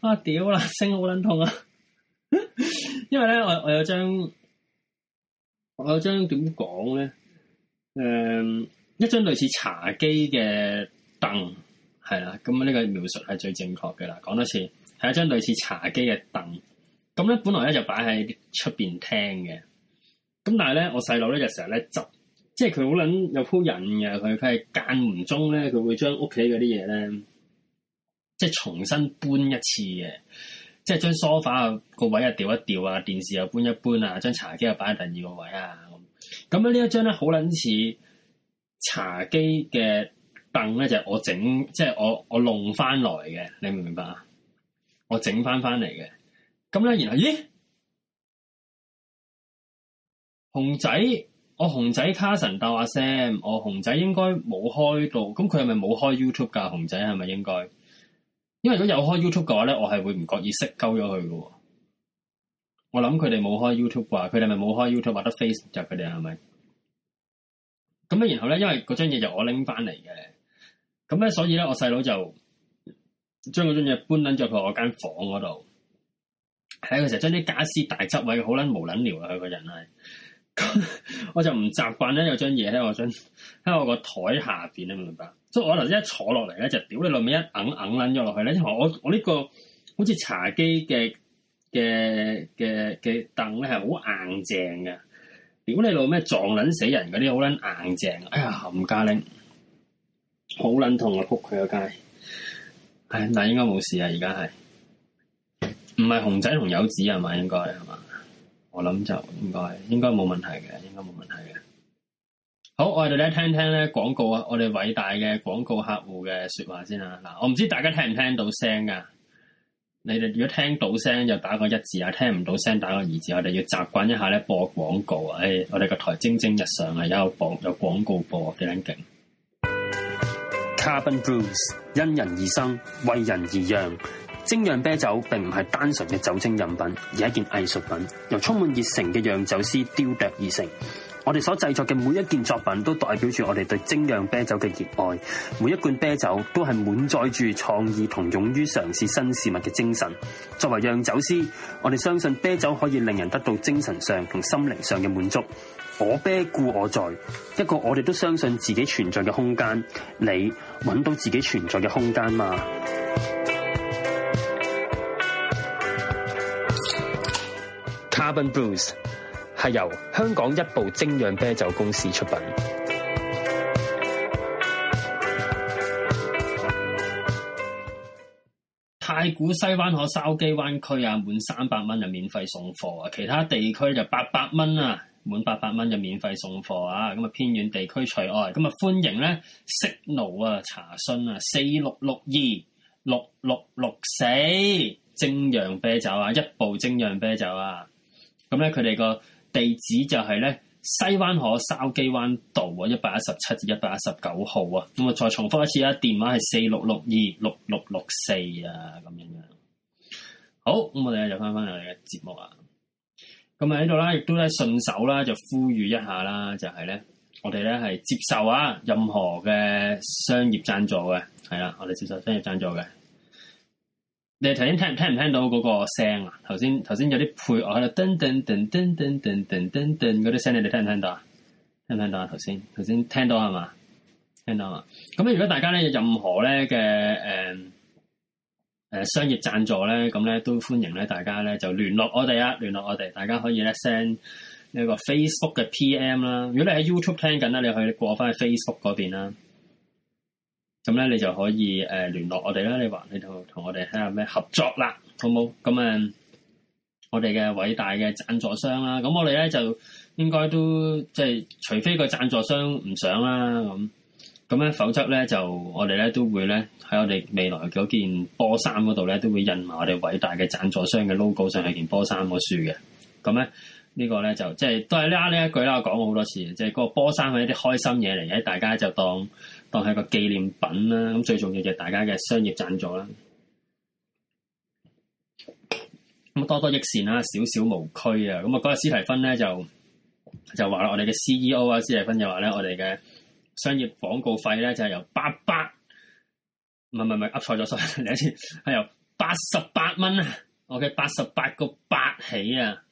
啊，屌、啊、啦，聲好撚痛啊！因為咧，我我有張，我有張點講咧？誒、嗯，一張類似茶几嘅凳，係啦。咁、這、呢個描述係最正確嘅啦。講多次，係一張類似茶几嘅凳。咁咧，本來咧就擺喺出邊廳嘅。咁但係咧，我細佬咧就成日咧執，即係佢好撚有鋪人嘅佢，佢係間唔中咧，佢會將屋企嗰啲嘢咧。即係重新搬一次嘅，即係將梳化個位啊調一調啊，電視又搬一搬啊，將茶几又擺喺第二個位啊。咁咁咧，呢一張咧好撚似茶几嘅凳咧，就係、是、我整，即係我我弄翻來嘅。你明唔明白啊？我整翻翻嚟嘅咁咧。然後咦，熊仔，我熊仔，Carson 斗阿 Sam，我熊仔應該冇開到，咁佢係咪冇開 YouTube 噶熊仔係咪應該？因為如果有開 YouTube 嘅話咧，我係會唔覺意識鳩咗佢嘅。我諗佢哋冇開 YouTube 啩，佢哋咪冇開 YouTube，或者 face 就佢哋係咪？咁咧，然後咧，因為嗰張嘢，就我拎翻嚟嘅，咁咧，所以咧，我細佬就將嗰張嘢搬撚咗去我間房嗰度。喺佢成日將啲家私大執位，好撚無撚聊啊！佢個人係，我就唔習慣咧，有張嘢咧，喺我喺我個台下邊，你明唔明白？所以我頭先一坐落嚟咧，就屌你老味一硬硬撚咗落去咧，因為我我呢、這個好似茶几嘅嘅嘅嘅凳咧，係好硬淨嘅。屌你老味撞撚死人嗰啲好撚硬淨的，哎呀冚家拎，好撚痛啊！撲佢個街，唉，但應該冇事啊，而家係唔係熊仔同柚子啊嘛？應該係嘛？我諗就應該應該冇問題嘅，應該冇問題嘅。好，我哋咧聽聽咧廣告啊！我哋偉大嘅廣告客戶嘅說話先啦。嗱，我唔知大家聽唔聽到聲噶、啊？你哋如果聽到聲就打個一字啊，聽唔到聲打個二字。我哋要習慣一下咧播廣告啊！誒、哎，我哋個台蒸蒸日上啊，有播有廣告播，幾靚勁。Carbon Brews 因人而生，為人而釀。精釀啤酒並唔係單純嘅酒精飲品，而係一件藝術品，由充滿熱誠嘅釀酒師雕琢而成。我哋所製作嘅每一件作品都代表住我哋對精釀啤酒嘅熱愛，每一罐啤酒都係滿載住創意同勇於嘗試新事物嘅精神。作為釀酒師，我哋相信啤酒可以令人得到精神上同心靈上嘅滿足。我啤故我在，一個我哋都相信自己存在嘅空間，你揾到自己存在嘅空間嗎？Carbon Brews。係由香港一步精釀啤酒公司出品。太古西灣河筲箕灣區啊，滿三百蚊就免費送貨啊。其他地區就八百蚊啊，滿八百蚊就免費送貨啊。咁啊，偏遠地區除外。咁啊，歡迎咧，Signal 啊，查詢啊，四六六二六六六四精釀啤酒啊，一步精釀啤酒啊。咁咧，佢哋個。地址就係咧西灣河筲箕灣道啊一百一十七至一百一十九號啊咁啊再重複一次啦，電話係四六六二六六六四啊咁樣樣好咁我哋咧就翻翻嚟我哋嘅節目啊咁啊喺度啦亦都咧順手啦就呼籲一下啦就係咧我哋咧係接受啊任何嘅商業讚助嘅係啦我哋接受商業讚助嘅。你哋頭先聽唔聽唔聽到嗰個聲啊？頭先頭先有啲配樂喺度噔噔噔噔噔噔噔噔嗰啲聲，你哋聽唔聽到？聽唔聽到啊？頭先頭先聽到係嘛？聽到啊！咁如果大家咧有任何咧嘅誒誒商業贊助咧，咁咧都歡迎咧，大家咧就聯絡我哋啊，聯絡我哋，大家可以咧 send 呢個 Facebook 嘅 PM 啦。如果你喺 YouTube 聽緊呢，你可以過翻去 Facebook 嗰邊啦。咁咧，你就可以誒、呃、聯絡我哋啦。你話你同同我哋睇下咩合作啦，好冇？咁誒，我哋嘅偉大嘅贊助商啦，咁我哋咧就應該都即係、就是，除非個贊助商唔想啦，咁咁咧，否則咧就我哋咧都會咧喺我哋未來嗰件波衫嗰度咧都會印埋我哋偉大嘅贊助商嘅 logo 上去的件波衫嗰處嘅。咁咧呢個咧就即係、就是、都係啦，呢一句啦，我講過好多次，即係嗰個波衫係一啲開心嘢嚟嘅，大家就當。當係個紀念品啦，咁最重要就係大家嘅商業贊助啦。咁多多益善啦，少少無拘啊。咁啊嗰日斯提芬咧就就話啦，我哋嘅 CEO 啊斯提芬就話咧，我哋嘅商業廣告費咧就係由八百……唔係，唔係唔係，噏錯咗，sorry，你一次係由八十八蚊啊，我嘅八十八個八起啊。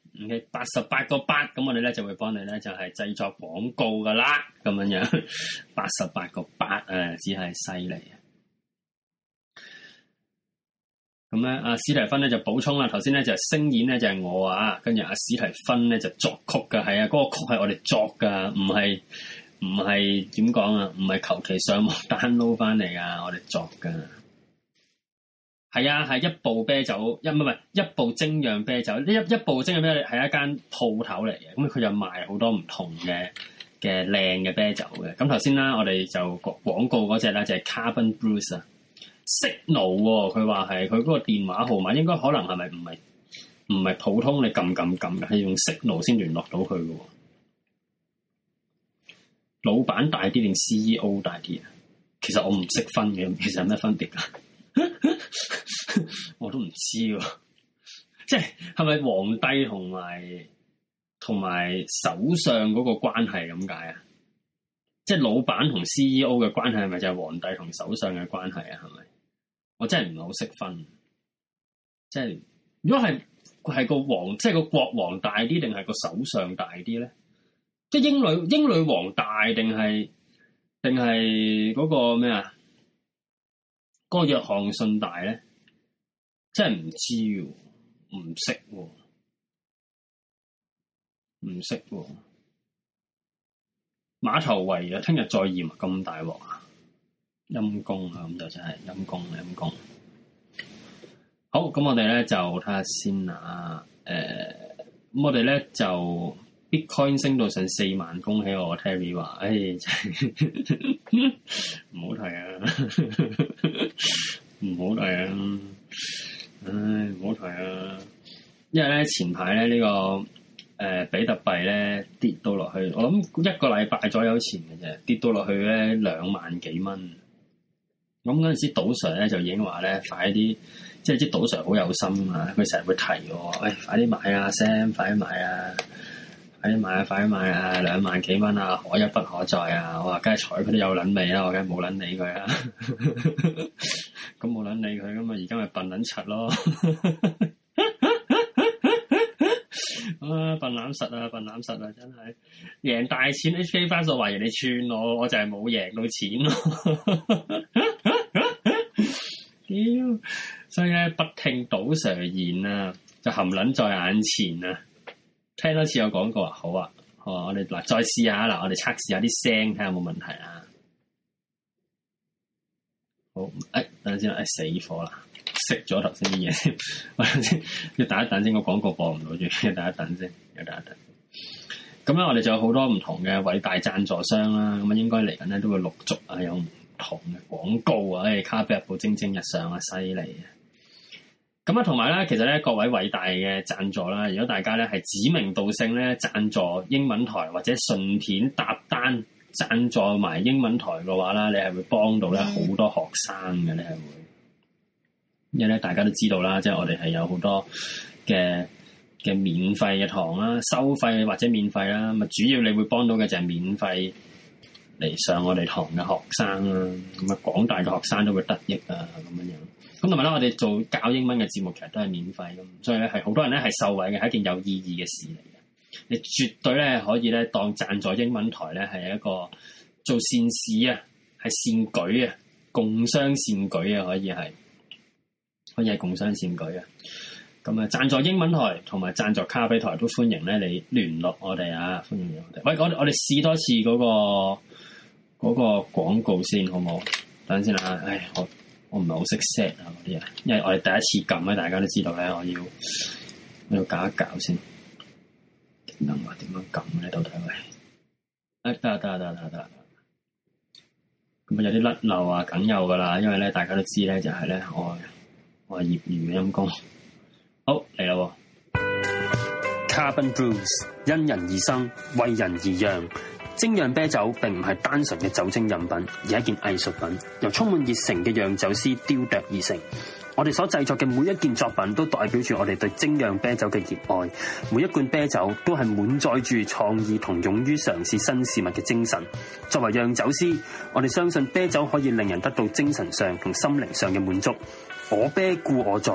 八十八個八，咁我哋咧就會幫你咧就係、是、製作廣告噶啦，咁樣樣八十八個八啊，只係犀利。咁咧，阿史提芬咧就補充啦，頭先咧就聲演咧就係、是、我啊，跟住阿史提芬咧就作曲噶，係啊，嗰、那個曲係我哋作噶，唔係唔係點講啊，唔係求其上網 download 翻嚟噶，我哋作噶。係啊，係一步啤酒，一唔係唔係一步精釀啤酒。呢一一步精釀啤係一間鋪頭嚟嘅，咁佢就賣好多唔同嘅嘅靚嘅啤酒嘅。咁頭先啦，那我哋就廣告嗰隻咧就係、是、Carbon Brews 啊，Signal。佢話係佢嗰個電話號碼，應該可能係咪唔係唔係普通你撳撳撳嘅，係用 Signal 先聯絡到佢嘅。老闆大啲定 C E O 大啲啊？其實我唔識分嘅，其實有咩分別噶？ 我都唔知喎，即係係咪皇帝同埋同埋首相嗰個關係咁解啊？即係老闆同 CEO 嘅關係係咪就係皇帝同首相嘅關係啊？係咪？我真係唔係好識分，即係如果係係個皇，即係個國王大啲，定係個首相大啲咧？即係英女英女王大定係定係嗰個咩啊？.那個約航信大咧，真係唔知喎，唔識喎，唔識喎，馬頭圍啊！聽日再驗啊，咁大鑊啊，陰公啊，咁就真係陰公陰公。好，咁我哋咧就睇下先啦，誒、呃，咁我哋咧就。Bitcoin 升到上四萬，恭喜我！Terry 話：哎，唔好提啊，唔好提啊，唉，唔好提啊！因為咧前排咧呢、呢個誒、呃、比特幣咧跌到落去，我諗一個禮拜左右前嘅啫，跌到落去咧兩萬幾蚊。咁嗰陣時賭 Sir 呢，賭場咧就已經話咧快啲，即係啲賭場好有心啊！佢成日會提我，喂、哎，快啲買啊，Sam，快啲買啊！Sam, 哎，買啊，快啲買啊！兩萬幾蚊啊，可一不可再啊！我話梗係睬佢都有捻味啦，我梗係冇捻理佢啊 沒。咁冇捻理佢，咁啊而家咪笨捻柒咯。 啊，笨捻實啊，笨捻實啊，真係贏大錢 HK 翻數話人哋串我，我就係冇贏到錢咯、 啊。屌、啊啊！所以咧，不聽賭常言啊，就含捻在眼前啊！聽多次有廣告啊，好啊，好啊，我哋嗱再試下啦，我哋測試下啲聲睇下有冇問題啊。好，誒、哎、等陣先，誒、哎、死火啦，熄咗頭先啲嘢先，等先，你等一等先，個廣告播唔到住，等一等先，要等一等。咁咧，我哋仲有好多唔同嘅偉大贊助商啦，咁啊應該嚟緊咧都會陸續啊有唔同嘅廣告啊，誒，咖啡日報蒸蒸日上啊，犀利啊！咁啊，同埋咧，其實咧，各位偉大嘅讚助啦，如果大家咧係指名道姓咧讚助英文台或者順便搭單讚助埋英文台嘅話啦，你係會幫到咧好多學生嘅，你係會，因為咧大家都知道啦，即係我哋係有好多嘅嘅免費嘅堂啦，收費或者免費啦，咁啊主要你會幫到嘅就係免費嚟上我哋堂嘅學生啦，咁啊廣大嘅學生都會得益啊，咁樣樣。咁同埋咧，我哋做教英文嘅節目，其實都係免費咁所以咧係好多人咧係受惠嘅，係一件有意義嘅事嚟嘅。你絕對咧可以咧當贊助英文台咧係一個做善事啊，係善舉啊，共襄善舉啊，可以係，可以係共襄善舉啊。咁啊，贊助英文台同埋贊助咖啡台都歡迎咧，你聯絡我哋啊，歡迎我哋。喂，我我哋試多次嗰個嗰個廣告先，好冇？等先啦，唉，我。我唔係好識 set 啊，嗰啲啊，因為我哋第一次撳咧，大家都知道咧，我要我要搞一搞先，能樣話點樣撳咧？到底係咪，得得得得得得。咁啊有啲甩漏啊梗有噶啦，因為咧大家都知咧就係咧我我係業餘陰功。好嚟啦，Carbon Brews 因人而生，為人而釀。精釀啤酒並唔係單純嘅酒精飲品，而係一件藝術品，由充滿熱誠嘅釀酒師雕琢而成。我哋所製作嘅每一件作品都代表住我哋對精釀啤酒嘅熱愛，每一罐啤酒都係滿載住創意同勇於嘗試新事物嘅精神。作為釀酒師，我哋相信啤酒可以令人得到精神上同心靈上嘅滿足。我啤故我在，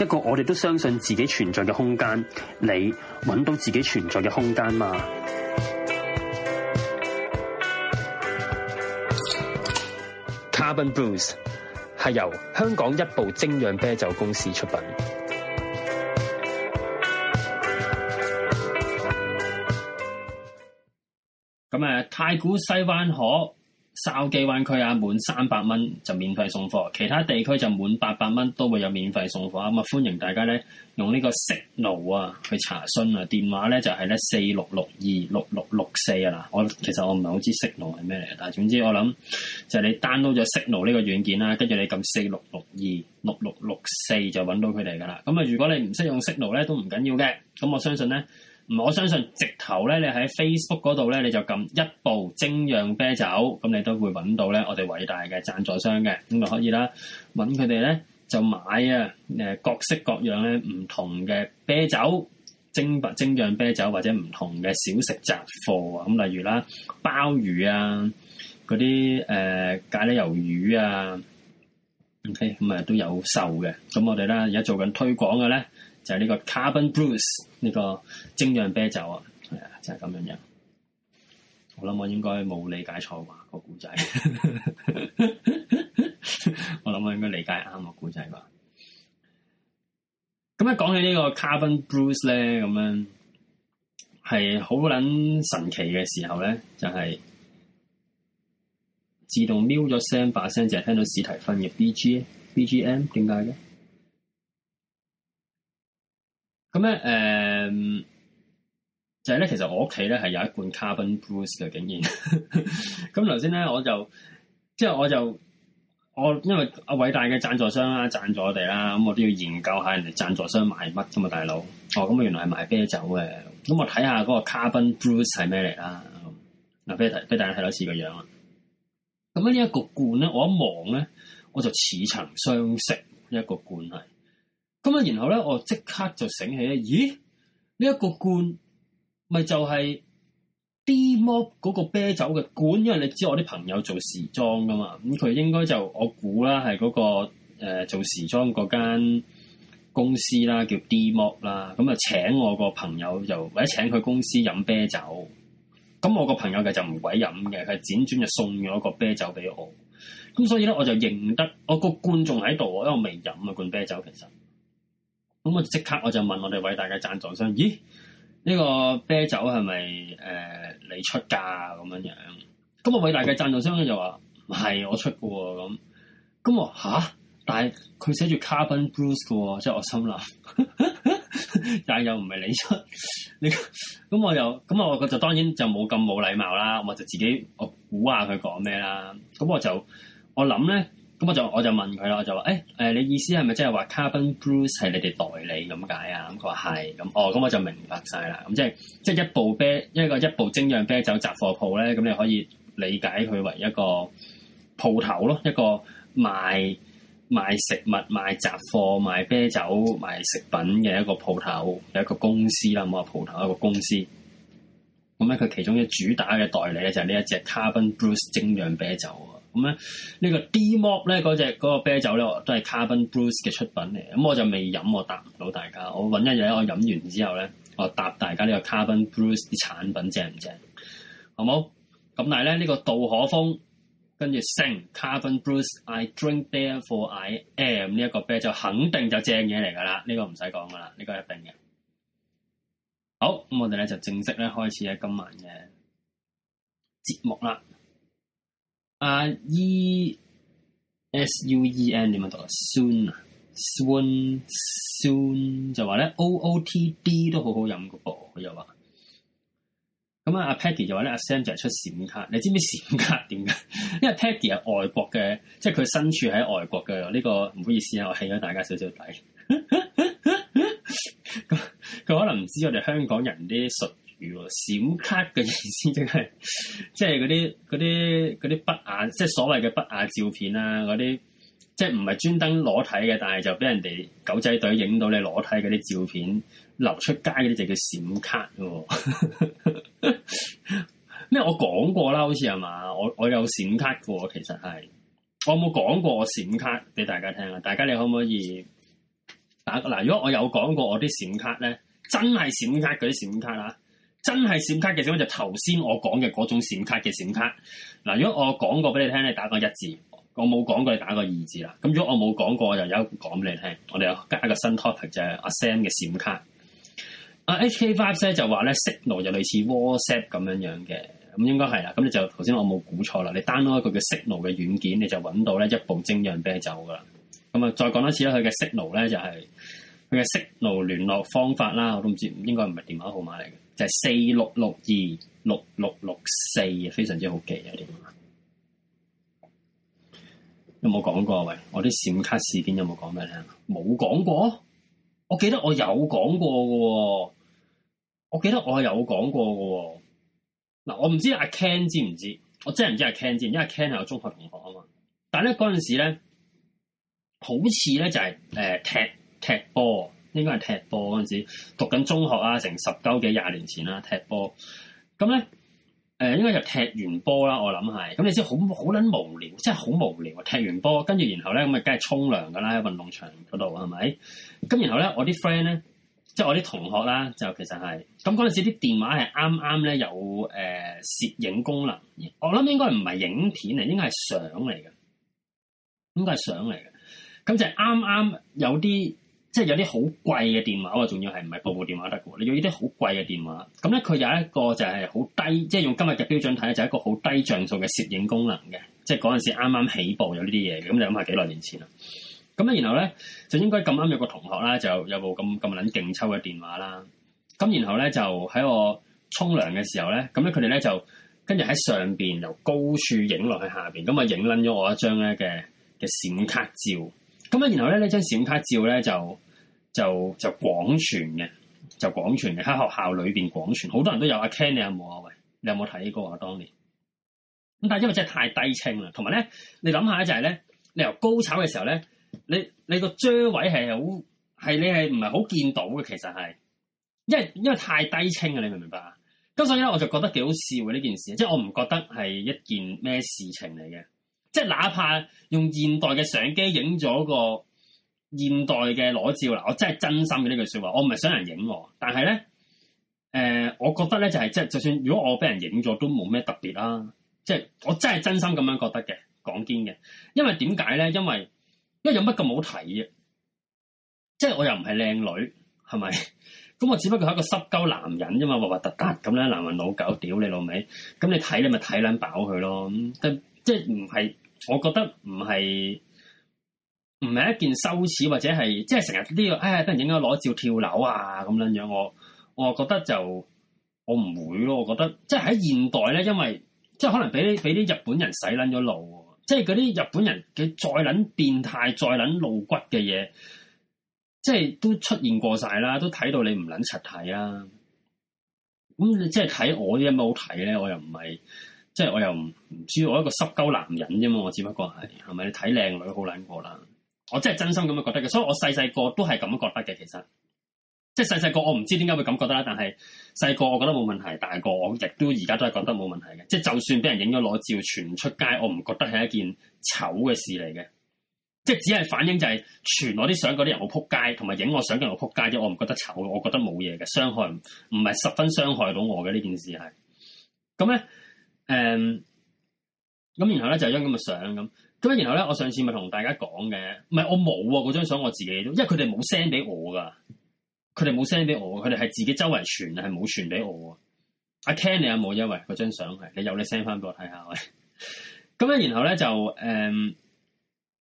一個我哋都相信自己存在嘅空間，你揾到自己存在嘅空間嘛？Carbon Blues 係由香港一步精釀啤酒公司出品。咁誒，太古西灣河。筲箕灣區啊，滿三百蚊就免費送貨，其他地區就滿八百蚊都會有免費送貨。咁啊，歡迎大家咧用呢個 Signal 啊去查詢啊，電話咧就係咧四六六二六六六四啊啦。我其實我唔係好知 Signal 係咩嚟？但係總之我諗就係你 download 咗 Signal 呢個軟件啦，跟住你撳四六六二六六六四就揾到佢哋噶啦。咁啊，如果你唔識用 Signal 咧都唔緊要嘅，咁我相信咧。我相信直頭咧，你喺 Facebook 嗰度咧，你就撳一步精釀啤酒，咁你都會揾到咧我哋偉大嘅贊助商嘅，咁就可以啦，揾佢哋咧就買啊，誒各式各樣咧唔同嘅啤酒，精白精釀啤酒或者唔同嘅小食雜貨啊，咁例如啦鮑魚啊，嗰啲誒咖喱魷魚啊，OK 咁啊都有售嘅，咁我哋咧而家做緊推廣嘅咧就係呢個 Carbon Brews 呢個精釀啤酒啊，係啊，就係咁樣樣。我諗我應該冇理解錯話、那個故仔。 我諗我應該理解啱個故仔吧。咁一講起呢個 Carbon Brews 咧，咁樣係好撚神奇嘅時候咧，就係、是、自動喵咗聲把聲，就係聽到史提芬嘅 B G B G M 點解咧？咁咧，誒、嗯，就係、是、咧，其實我屋企咧係有一罐 Carbon Brews 嘅竟然。咁頭先咧，我就，即、就、係、是、我就，我因為阿偉大嘅贊助商啦，贊助我哋啦，咁我都要研究下人哋贊助商買乜啫嘛，大佬。哦，咁原來係買啤酒嘅。咁我睇下嗰個 Carbon Brews 係咩嚟啦。嗱，俾俾大家睇多次個樣啦。咁喺呢一個罐咧，我一望咧，我就似曾相識一、這個罐係。咁啊，然後咧，我即刻就醒起咧。咦？呢、這、一個罐咪就係 D Mob 嗰個啤酒嘅罐。因為你知我啲朋友做時裝噶嘛，咁佢應該就我估啦、那個，係嗰個誒做時裝嗰間公司啦，叫 D Mob 啦。咁啊，請我個朋友又或者請佢公司飲啤酒。咁我個朋友嘅就唔鬼飲嘅，佢輾轉就送咗個啤酒俾我。咁所以咧，我就認得我個罐仲喺度，因為我未飲啊罐啤酒。其實。咁我即刻我就問我哋偉大嘅贊助商，咦？呢個啤酒係咪誒你出㗎咁樣樣？咁我偉大嘅贊助商咧就話唔係我出嘅喎，咁咁我吓？但係佢寫住 Carbon Brews 嘅喎，即係我心諗， 但係又唔係你出你咁， 咁我又咁我個就，我就當然就冇咁冇禮貌啦，我就自己我估下佢講咩啦。咁我就我諗咧。咁我就我就問佢啦，我就話：，誒、哎、誒你意思係咪即係話 Carbon Bruce，係你哋代理咁解啊？咁佢話係，咁哦，咁我就明白曬啦。咁即係即係一部啤一個一部精釀啤酒雜貨鋪咧，咁你可以理解佢為一個鋪頭咯，一個賣賣食物、賣雜貨、賣啤酒、賣食品嘅一個鋪頭，有一個公司啦，冇話鋪頭，一個公司。咁咧，佢其中嘅主打嘅代理咧，就係呢一隻 Carbon Bruce 精釀啤酒。咁咧，呢個 D Mob 咧，嗰隻嗰個啤酒咧，都係 Carbon Bruce 嘅出品嚟。咁我就未飲，我答唔到大家。我揾一樣，我飲完之後咧，我答大家呢個 Carbon Bruce 啲產品正唔正？好冇？咁但係咧，呢個杜可風跟住 Sing Carbon Bruce I drink beer for I am 呢一個啤酒，肯定就正嘢嚟噶啦。呢個唔使講噶啦，呢個一定嘅。好，咁我哋咧就正式咧開始喺今晚嘅節目啦。阿 E S U E N 點樣讀啊？Soon 啊，Soon，Soon 就話咧 O O T D 都好好飲個噃。佢又話，咁啊阿 Patty 就話咧阿 Sam 就係出閃卡。你知唔知閃卡點解？因為 Patty 係外國嘅，即係佢身處喺外國嘅。呢個唔好意思啊，我起咗大家少少底。佢 可能唔知我哋香港人啲術。如果閃卡嘅意思即係即係嗰啲嗰啲嗰啲不雅，即係所謂嘅不雅照片啊！嗰啲即係唔係專登裸體嘅，但係就俾人哋狗仔隊影到你裸體嗰啲照片流出街嗰啲就叫閃卡喎、哦。 咩？我講過啦，好似係嘛？我我有閃卡嘅，其實係我有冇講過我閃卡俾大家聽啊？大家你可唔可以打嗱？如果我有講過我啲閃卡咧，真係閃卡嗰啲閃卡啊！真係閃卡嘅，就頭先我講嘅嗰種閃卡嘅閃卡嗱。如果我講過俾你聽你打個一字；我冇講過，你打個二字啦。咁如果我冇講過，我就有一講俾你聽。我哋有加一個新 topic 就係阿 Sam 嘅閃卡。HK Five 咧就話咧 Signal 就類似 WhatsApp 咁樣樣嘅，咁應該係啦。咁你就頭先我冇估錯啦。你 download 佢嘅 Signal 嘅軟件，你就揾到咧一步精釀啤酒噶啦。咁啊，再講多次啦，佢嘅 Signal 咧就係佢嘅 Signal 聯絡方法啦。我都唔知應該唔係電話號碼嚟嘅。就係四六六二六六六四啊，64，非常之好記啊，啲有冇講過？喂，我啲閃卡事件有冇講咩咧？冇講過？我記得我有講過噶，我記得我有講過噶。嗱，我唔知阿 Ken 知唔知？我真係唔知阿 Ken 知唔知？因為阿 Ken 係我中學同學啊嘛。但係咧嗰陣時咧，好似咧就係、是、誒、呃、踢踢波。應該係踢波嗰陣時，讀緊中學啊，成十鳩幾廿年前啦，踢波。咁咧，誒、呃、應該就踢完波啦，我諗係。咁你知很，好好撚無聊，即係好無聊。踢完波，跟住然後咧，咁咪梗係沖涼㗎喇，喺運動場嗰度係咪？咁然後咧，我啲 friend 咧，即、就、係、是、我啲同學啦，就其實係咁嗰陣時啲電話係啱啱咧有誒、呃、攝影功能。我諗應該唔係影片嚟，應該係相嚟嘅。應該係相嚟嘅。咁就啱啱有啲。即係有啲好貴嘅電話啊，仲要係唔係部部電話得嘅，你用呢啲好貴嘅電話，咁咧佢有一個就係好低，即係用今日嘅標準睇就就係，一個好低像素嘅攝影功能嘅，即係嗰陣時啱啱起步有呢啲嘢，咁你諗下幾耐年前啦。咁咧然後咧就應該咁啱有一個同學啦，就有,有部咁咁捻勁抽嘅電話啦。咁然後咧就喺我沖涼嘅時候咧，咁咧佢哋咧就跟住喺上邊由高處影落去下邊，咁啊影捻咗我一張咧嘅嘅閃卡照。咁啊然後咧呢張閃卡照咧就。就就廣傳嘅，就廣傳嘅喺學校裏面廣傳，好多人都有。阿 Ken，你有冇啊？喂，你有冇睇過啊？當年咁但係因為真係太低清啦，同埋咧，你諗下咧就係咧，你由高炒嘅時候咧，你你個張、er、位係好係你係唔係好見到嘅其實係，因為因為太低清啊！你明唔明白啊？咁所以咧我就覺得幾好笑嘅呢件事，即、就、係、是、我唔覺得係一件咩事情嚟嘅，即、就、係、是、哪怕用現代嘅相機影咗個。現代嘅裸照啦，我真係真心嘅呢句說話，我唔係想人影我，但係咧，誒、呃，我覺得咧就係即係，就算如果我俾人影咗，都冇咩特別啦，啊。即係我真係真心咁樣覺得嘅，講堅嘅。因為點解咧？因為因為有乜咁好睇嘅？即係我又唔係靚女，係咪？咁 我只不過係一個濕鳩男人啫嘛，核核突突咁咧，男人老狗，屌你老味。咁，你睇你咪睇兩飽佢咯。咁即即係唔係？我覺得唔係。唔係一件羞恥或者係即係成日呢個唉，俾人影咗攞照跳樓啊咁樣樣，我我覺得就我唔會咯。我覺得即係喺現代咧，因為即係可能俾啲俾啲日本人洗捻咗腦喎，即係嗰啲日本人嘅再捻變態、再捻露骨嘅嘢，即係都出現過晒啦，都睇到你唔捻實睇啦。咁你即係睇我啲有冇好睇咧？我又唔係即係我又唔唔知，我一個濕鳩男人啫嘛。我只不過係係咪？你睇靚女好捻過啦。我真係真心咁樣覺得嘅，所以我細細個都係咁覺得嘅。其實，即係細細個我唔知點解會咁覺得啦。但係細個我覺得冇問題，大個我亦都而家都係覺得冇問題嘅。即係就算俾人影咗裸照傳出街，我唔覺得係一件醜嘅事嚟嘅。即係只係反映就係傳我啲相嗰啲人好撲街，同埋影我相嘅人好撲街啫。我唔覺得醜，我覺得冇嘢嘅，傷害唔係十分傷害到我嘅呢件事係。咁咧，誒、嗯，咁然後咧就因咁嘅相咁。咁然後咧，我上次咪同大家講嘅，唔係我冇喎，嗰張相我自己都，因為佢哋冇 send 俾我噶，佢哋冇 send 俾我，佢哋係自己周圍傳，係冇傳俾我。阿 Ken，你有冇因為嗰張相係？你有你 send 翻俾我睇下喂。咁 然後咧就誒、嗯，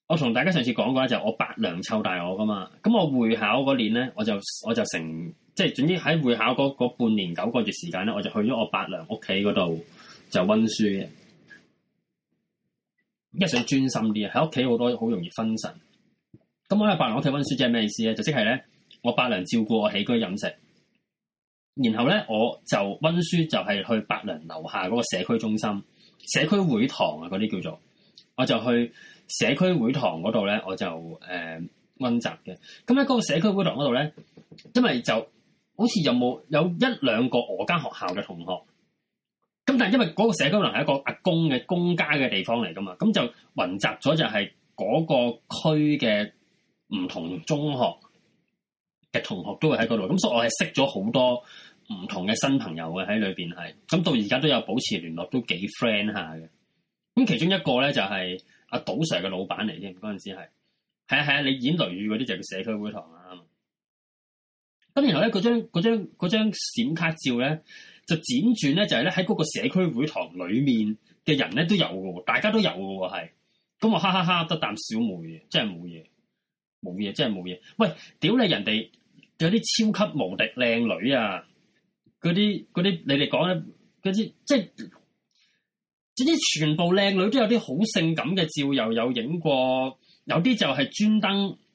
我同大家上次講過就是、我伯娘湊大我噶嘛，咁我會考嗰年咧，我就我就成即係、就是、總之喺會考嗰半年九個月時間咧，我就去咗我伯娘屋企嗰度就温書嘅。一想專心啲，喺屋企好多好容易分神。咁我喺伯娘屋企溫書即係咩意思咧？就即係咧，我伯娘照顧我起居飲食，然後咧我就溫書就係去伯娘樓下嗰個社區中心、社區會堂啊，嗰啲叫做，我就去社區會堂嗰度咧，我就誒溫習嘅。咁喺嗰個社區會堂嗰度咧，因為就好似有冇有，有一兩個我間學校嘅同學。咁但係因為嗰個社區會堂係一個阿公嘅公家嘅地方嚟噶嘛，咁就混雜咗就係嗰個區嘅唔同中學嘅同學都會喺嗰度，咁所以我係識咗好多唔同嘅新朋友嘅喺裏邊係，咁到而家都有保持聯絡，都幾 friend 下嘅。咁其中一個咧就係阿賭 Sir 嘅老闆嚟添，嗰陣時係，係啊係啊，你演雷雨嗰啲就叫社區會堂啊。咁然後咧嗰張嗰張嗰張閃卡照咧。就輾轉咧，就係咧喺嗰個社區會堂裏面嘅人咧都有嘅喎，大家都有嘅喎係。咁我哈哈哈得啖小妹真係冇嘢，冇嘢真係冇嘢。喂，屌你人哋有啲超級無敵靚女啊！嗰啲嗰啲你哋講咧嗰啲，即係甚至全部靚女都有啲好性感嘅照，又有影過，有啲就係專登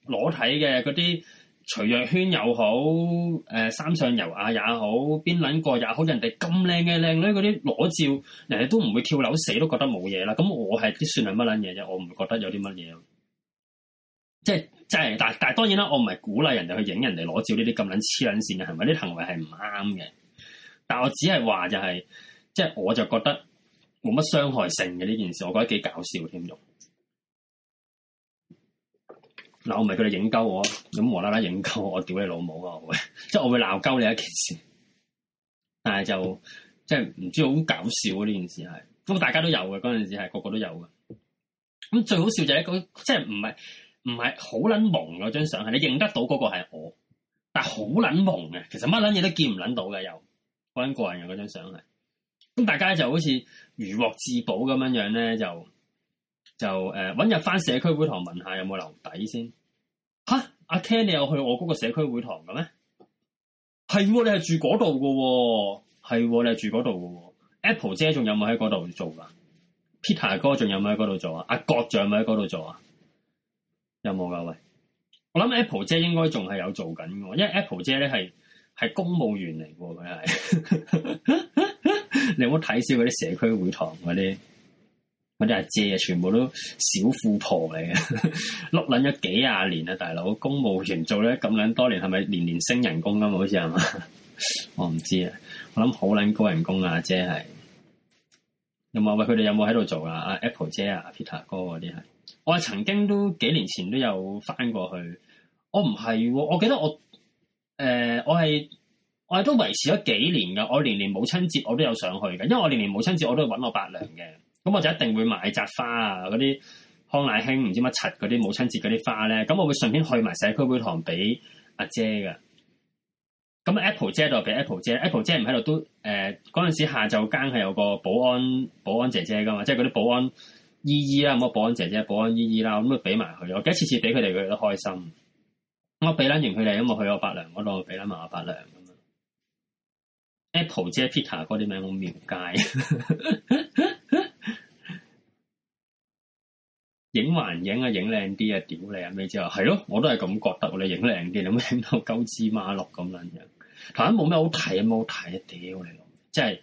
攞睇嘅嗰啲。徐若瑄又好，誒三上悠亞也好，邊撚個也好，人哋咁靚嘅靚女嗰啲嗰啲裸照，人哋都唔會跳樓死，都覺得冇嘢啦。咁我係啲算係乜撚嘢啫？我唔會覺得有啲乜嘢，即係即係，但但當然啦，我唔係鼓勵人哋去影人哋裸照呢啲咁撚黐撚線嘅，係咪啲行為係唔啱嘅？但我只係話就係，即係我就覺得冇乜傷害性嘅呢件事，我覺得幾搞笑添。嗱，我唔係佢哋影鳩我，咁無啦啦影鳩我，我屌你老母啊！即係我會鬧鳩你一件事，但係就即係唔知好搞笑啊！呢件事係，咁大家都有嘅嗰陣時係個個都有嘅。咁最好笑就係一個，即係唔係唔係好撚蒙嗰張相係，你認得到嗰個係我，但係好撚蒙嘅，其實乜撚嘢都見唔撚到嘅又，有我人有個人個人嘅嗰張相係。咁大家就好似如獲至寶咁樣樣咧，就。就誒，搵日返社區會堂問下有冇留底先。吓，阿 Ken，你有去我嗰個社區會堂嘅咩？係喎、哦，你係住嗰度嘅喎，係、哦，你係住嗰度嘅。Apple 姐，仲有冇喺嗰度做噶？Peter 哥，仲有冇喺嗰度做啊？阿郭，仲有冇喺嗰度做啊？有冇噶？喂，我諗 Apple 姐應該仲係有做緊嘅，因為 Apple 姐咧，係係公務員嚟嘅，佢係， 你有冇睇少嗰啲社區會堂嗰啲。我哋係借啊，全部都小富婆嚟嘅，碌捻咗幾廿年啊！大佬，公務員做咧咁捻多年，係咪年年升人工咁啊？好似係嘛？我唔知啊，我諗好捻高人工啊！姐係有冇喂佢哋有冇喺度做啊？Apple 姐啊，Peter 哥嗰啲係我係曾經都幾年前都有翻過去，我唔係、啊，我記得我誒、呃，我係我係都維持咗幾年噶。我年年母親節我都有上去嘅，因為我年年母親節我都係搵我伯娘嘅。咁我就一定會買扎花啊，嗰啲康乃馨，唔知乜柒嗰啲母親節嗰啲花咧，咁我會順便去埋社區會堂俾阿姐噶。咁 Apple 姐喺度俾 Apple 姐，Apple 姐唔喺度都誒，嗰、呃、陣時下晝間係有個保安保安姐姐噶嘛，即係嗰啲保安姨姨啦，咁、那、啊、個、保安姐姐、保安姨姨啦，咁啊俾埋佢，我一次次俾佢哋，佢哋都開心。我俾啦完佢哋，因為去我伯娘嗰度俾啦埋我伯娘。Apple 姐 Peter 嗰啲名好妙街。 影還影啊，影靚啲啊，屌你啊，咩之後係咯，我都係咁覺得，你影靚啲，你影到鳩枝馬碌咁樣樣，頭先冇咩好睇啊，冇好睇啊，屌你，即係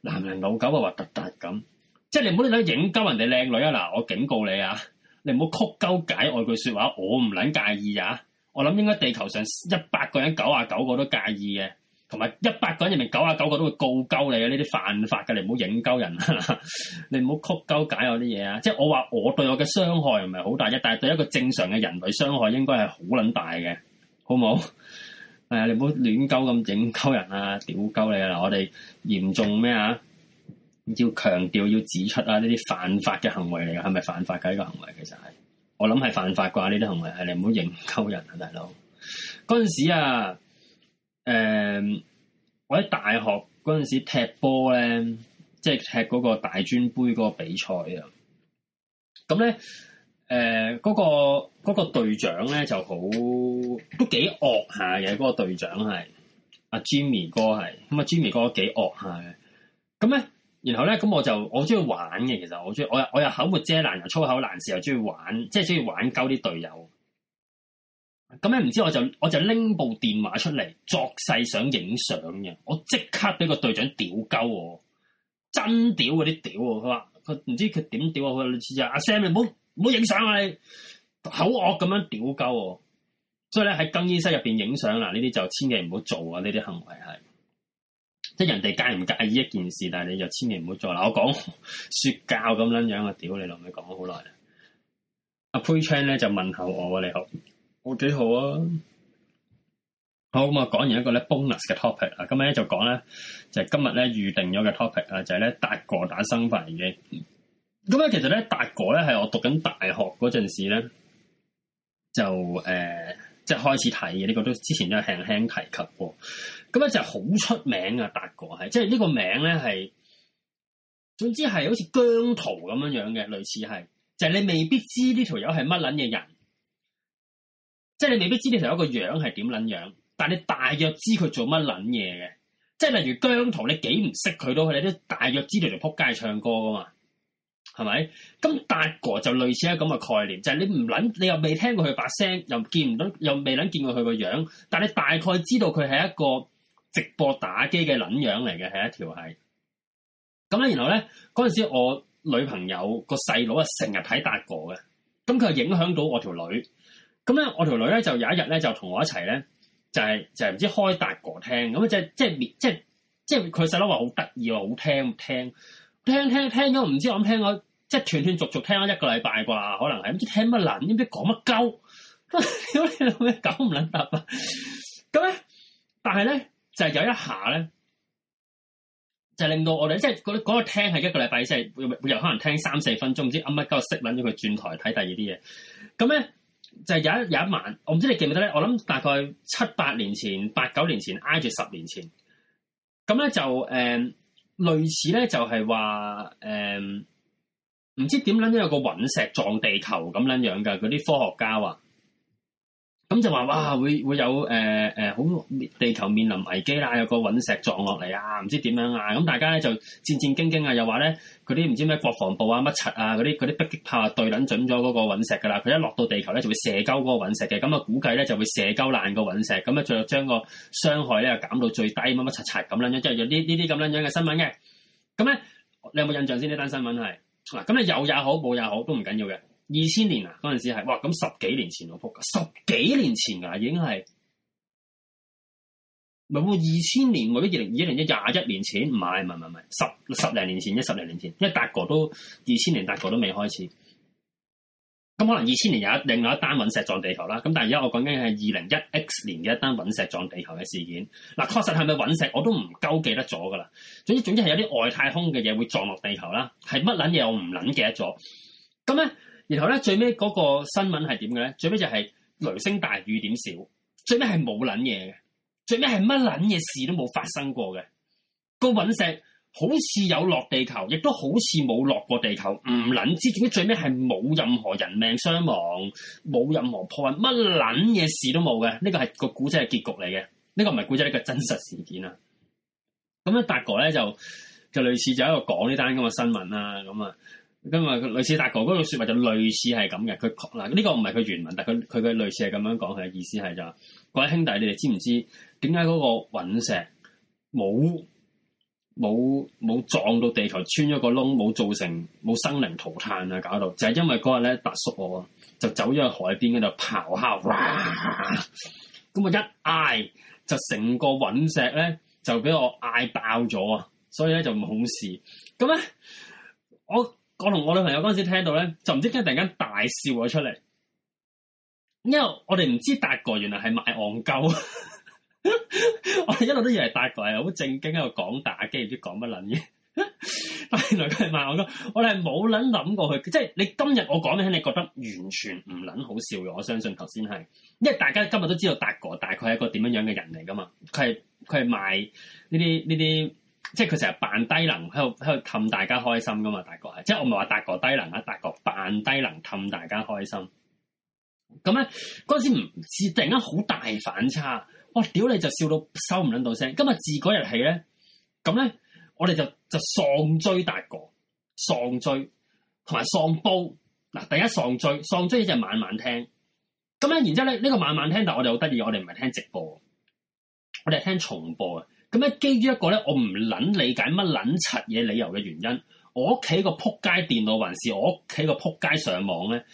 男人老狗啊，核突突咁，即係你唔好你諗影鳩人哋靚女啊，嗱，我警告你啊，你唔好曲鳩解外句說話，我唔捻介意啊，我諗應該地球上一百個人九啊九個都介意嘅、啊。同埋一百個人入面，九啊九個都會告鳩你啊！呢啲犯法嘅，你唔好影鳩人啦，你唔好曲鳩解我啲嘢啊！即係我話我對我嘅傷害唔係好大啫，但係對一個正常嘅人類傷害應該係好撚大嘅，好唔好？係你唔好亂鳩咁影鳩人啊！屌鳩你啊！我哋嚴重咩啊？要強調要指出啊！呢啲犯法嘅行為嚟嘅，係咪犯法嘅呢個行為？其實係，我諗係犯法啩呢啲行為，係你唔好影鳩人啊，大佬！嗰陣時啊～誒、嗯，我喺大學嗰陣時踢波咧，即係踢嗰個大專杯嗰個比賽啊。咁咧，誒，嗰個嗰個隊長咧就好都幾惡下嘅，嗰個隊長係阿 Jimmy 哥係，咁啊 Jimmy 哥都幾惡下嘅。咁咧，然後咧，咁我就我中意玩嘅，其實我中意，我又我又口沒遮攔，又粗口難事，又中意玩，即係中意玩鳩啲隊友。咁樣唔知我就我就拎部電話出嚟作勢想影相嘅，我即刻俾個隊長屌鳩我，真屌嗰啲屌喎，佢話佢唔知佢點屌啊，佢類似就阿 Sam 你唔好唔好影相啊，你口惡咁樣屌鳩我。所以咧喺更衣室入面影相啦，呢啲就千祈唔好做啊，呢啲行為係即人哋介唔介意一件事，但係你就千祈唔好做啦，我講說教咁撚樣嘅屌你老味，講咗好耐啊，阿 Pushan 咧就問候我喎，你好。我幾好啊好！好咁啊，講完一個咧 bonus 嘅 topic 啊，今日就講咧就係今日咧預定咗嘅 topic 啊，就係咧達哥打生化危機。咁、嗯、咧其實咧達哥咧係我讀緊大學嗰陣時咧就誒即係開始睇嘅呢個都之前都輕輕輕輕提及過。咁、嗯、咧就係、是、好出名啊，達哥係，即係呢個名咧係總之係好似姜濤咁樣樣嘅，類似係就係、是、你未必知呢條友係乜捻嘅人。即係你未必知呢條友個樣係點捻樣，但係你大約知佢做乜捻嘢嘅。即係例如姜濤，你幾唔識佢到，你都大約知道條撲街唱歌噶嘛，係咪？咁達哥就類似一個咁嘅概念，就係你唔捻，你又未聽過佢把聲，又見唔到，又未捻見過佢個樣，但係你大概知道佢係一個直播打機嘅捻樣嚟嘅，係一條係。咁咧，然後咧嗰陣時，我女朋友個細佬啊成日睇達哥嘅，咁佢係影響到我條女。咁咧，我條女咧就有一日咧就同我一齊咧，就係就係唔知開達哥聽，咁即係即係即係即係佢細佬話好得意喎，好聽聽聽聽聽咗唔知我諗聽咗即係斷斷續續聽咗一個禮拜啩，可能係唔知聽乜捻，唔知講乜鳩，屌你老味，搞唔捻得啊！咁咧，但係咧就係有一下咧，就係令到我哋即係嗰嗰個聽係一個禮拜，即係每日可能聽三四分鐘，唔知啱乜鳩熄捻咗佢轉台睇第二啲嘢，咁咧。就有一有一晚，我唔知你記唔記得咧，我諗大概七八年前、八九年前挨住十年前，咁咧就誒、呃、類似咧就係話誒唔知點諗都有個隕石撞地球咁樣樣噶，嗰啲科學家話。咁就話哇，會會有誒誒好地球面臨危機啦，有個隕石撞落嚟啊，唔知點樣啊，咁大家咧就戰戰兢兢啊，又話咧嗰啲唔知咩國防部啊乜柒啊嗰啲啲迫擊炮對撚準咗嗰個隕石噶啦，佢一落到地球咧就會射鳩嗰個隕石嘅，咁啊估計咧就會射鳩爛個隕石，咁啊就將個傷害咧減到最低乜乜柒柒咁樣樣，即係呢呢啲咁樣樣嘅新聞嘅。咁咧你有冇印象先呢單新聞係嗱？咁你有也好，冇也好都唔緊要嘅。二千年啊，嗰陣時係，哇！咁十幾年前老仆噶，十幾年前噶、啊，已經係唔係喎？二千年或者二零二零一廿一年前，唔係，唔係，唔係，十十零年前，一十零年前，一達哥都二千年達哥都未開始。咁可能二千年有一另外一單隕石撞地球啦。咁但係而家我講緊係二零一 X 年嘅一單隕石撞地球嘅事件。嗱，確實係咪隕石我都唔鳩記得咗噶啦。總之總之係有啲外太空嘅嘢會撞落地球啦，係乜捻嘢我唔捻記得咗。咁咧？然後咧，最尾嗰個新聞係點嘅咧？最尾就係雷聲大雨點小。最尾係冇捻嘢嘅，最尾係乜捻嘢事都冇發生過嘅。個隕石好似有落地球，亦都好似冇落過地球，唔、嗯、捻知點解。最尾係冇任何人命傷亡，冇任何破壞，乜捻嘢事都冇嘅。呢、這個係個古仔嘅結局嚟嘅，呢、這個唔係古仔，呢、這個真實事件啊。咁樣達哥咧就就類似就喺度講呢單咁嘅新聞啦，咁啊。咁啊，類似達哥嗰個説話就類似係咁嘅。佢嗱，呢個唔係佢原文，但佢佢嘅類似係咁樣講，佢嘅意思係就：各位兄弟，你哋知唔知點解嗰個隕石冇冇冇撞到地球穿咗個窿，冇造成冇生靈塗炭啊？搞到就係因為嗰日咧，達叔我就走咗去海邊嗰度咆哮，咁我一嗌就成個隕石咧就俾我嗌爆咗啊！所以咧就冇事。咁咧我。我同我女朋友嗰陣時聽到咧，就唔知點突然間大笑咗出嚟，因為我哋唔知達哥原來係賣戇鳩， 我哋一路都以為達哥係好正經喺度講打機，唔知講乜捻嘢，但原來佢係賣戇鳩，我哋係冇捻諗過去。即係你今日我講俾你聽，你覺得完全唔捻好笑嘅，我相信頭先係，因為大家今日都知道達哥大概係一個點樣樣嘅人嚟噶嘛，佢係佢係賣呢啲呢啲。即係佢成日扮低能喺度喺度氹大家開心噶嘛，達哥係，即係我唔係話達哥低能啊，達哥扮低能氹大家開心。咁咧嗰陣時唔知，突然間好大反差，哇！屌你就笑到收唔撚到聲。今日自嗰日起咧，咁咧我哋就就喪追達哥，喪追同埋喪煲。嗱，第一喪追喪追，呢隻晚晚聽。咁咧，然之後咧呢、呢個晚晚聽，但係我哋好得意，我哋唔係聽直播，我哋係聽重播咁咧，基於一個咧，我唔撚理解乜撚柒嘢理由嘅原因，我屋企個撲街電腦還是我屋企個撲街上網咧，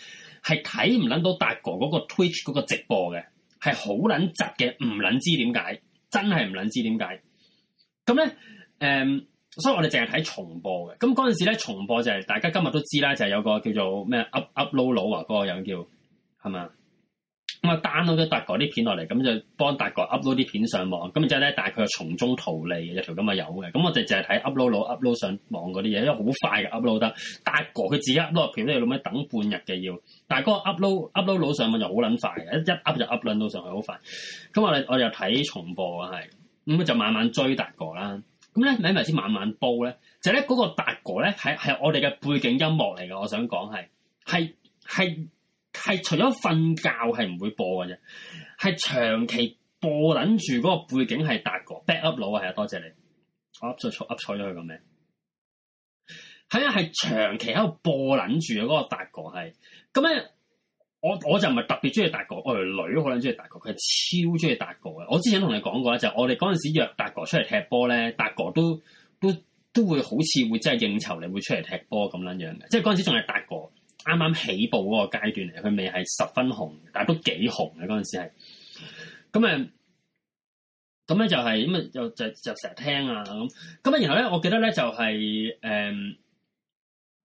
係睇唔撚到達哥嗰個 Twitch 嗰個直播嘅，係好撚窒嘅，唔撚知點解，真係唔撚知點解。咁咧，誒，所以我哋淨係睇重播嘅。咁嗰陣時咧，重播就係，大家今日都知啦，就係，有個叫做咩 Up Up Lulu 啊，嗰個人叫係嘛？咁啊，download 咗達哥啲片落嚟，咁就幫達哥 upload 啲片上網，咁然之後咧，但係佢又從中圖利，一條咁啊有嘅。咁我哋淨係睇 upload 佬 upload 上網嗰啲嘢，因為好快嘅 upload 得。達哥佢自己 upload 條片都要咁味等半日嘅要，但係嗰個 upload upload 上網就好捻快嘅，一一 upload 就 upload 到上去好快。咁我我又睇重播係，咁佢就慢慢追達哥啦。咁咧，你咪先慢慢煲咧。就咧、是、嗰個達哥咧係係我哋嘅背景音樂嚟嘅，我想講係係係。係除咗瞓覺係唔會播嘅啫，係長期播捻住嗰個背景係達哥 back up 佬啊，係啊，多謝你，我 up 錯，我 up 錯咗佢個名，係啊，係長期喺度播捻住嗰個達哥，係咁咧，我我就唔係特別中意達哥，我女都可能中意達哥，佢係超中意達哥嘅。我之前同你講過咧，就係、我哋嗰陣時約達哥出嚟踢波咧，達哥都都都會好似會真係應酬你會出嚟踢波咁樣樣嘅，即係嗰陣時仲係達哥。啱啱起步嗰個階段嚟，佢未係十分紅，但係都幾紅嘅嗰陣時係，咁誒、就是，咁咧就係咁啊，就就就成日聽啊咁，咁啊然後咧，我記得咧就係、是、誒，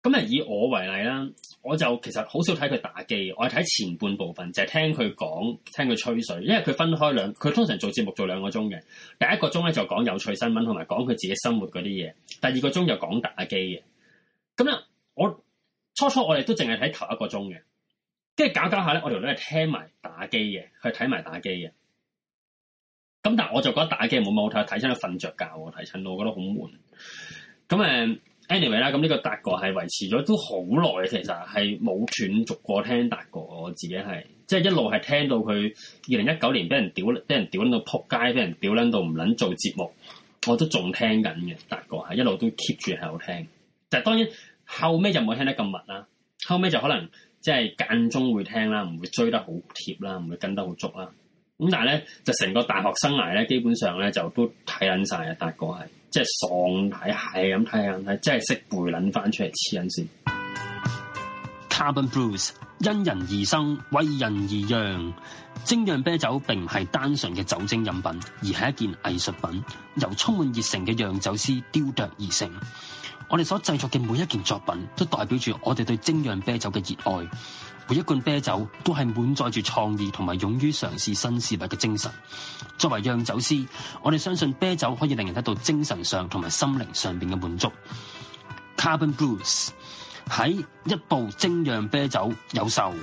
咁、嗯、啊以我為例啦，我就其實好少睇佢打機，我係睇前半部分就係、是、聽佢講，聽佢吹水，因為佢分開兩，佢通常做節目做兩個鐘嘅，第一個鐘咧就講有趣新聞同埋講佢自己生活嗰啲嘢，第二個鐘就講打機嘅，咁啦。初初我哋都淨係睇頭一個鐘嘅，即係搞搞下咧，我條女係聽埋打機嘅，佢睇埋打機嘅。咁但係我就覺得打機冇乜好睇，睇親瞓着覺，睇親到我覺得好悶。咁誒，anyway 啦，咁呢個達哥係維持咗都好耐，其實係冇斷續過聽達哥，我自己係即係一路係聽到佢二零一九年俾人屌，俾人屌撚到撲街，俾人屌捻到唔捻做節目，我都仲聽緊嘅達哥係一路都 keep 住喺度聽，但當然。後屘就冇聽得咁密啦，後屘就可能即係間中會聽啦，唔會追得好貼啦，唔會跟得好足啦。咁但係咧，就成個大學生涯咧，基本上咧就都睇捻晒啊，達哥係，即係喪睇係咁睇啊睇，即係識背捻翻出嚟黐撚線。痴痴 Carbon Blues 因人而生，為人而釀。精釀啤酒並唔係單純嘅酒精飲品，而係一件藝術品，由充滿熱誠嘅釀酒師雕琢而成。我哋所製作嘅每一件作品，都代表住我哋對精釀啤酒嘅熱愛。每一罐啤酒都係滿載住創意同埋勇於嘗試新事物嘅精神。作為釀酒師，我哋相信啤酒可以令人得到精神上同埋心靈上面嘅滿足。Carbon Brews 喺一步精釀啤酒有售，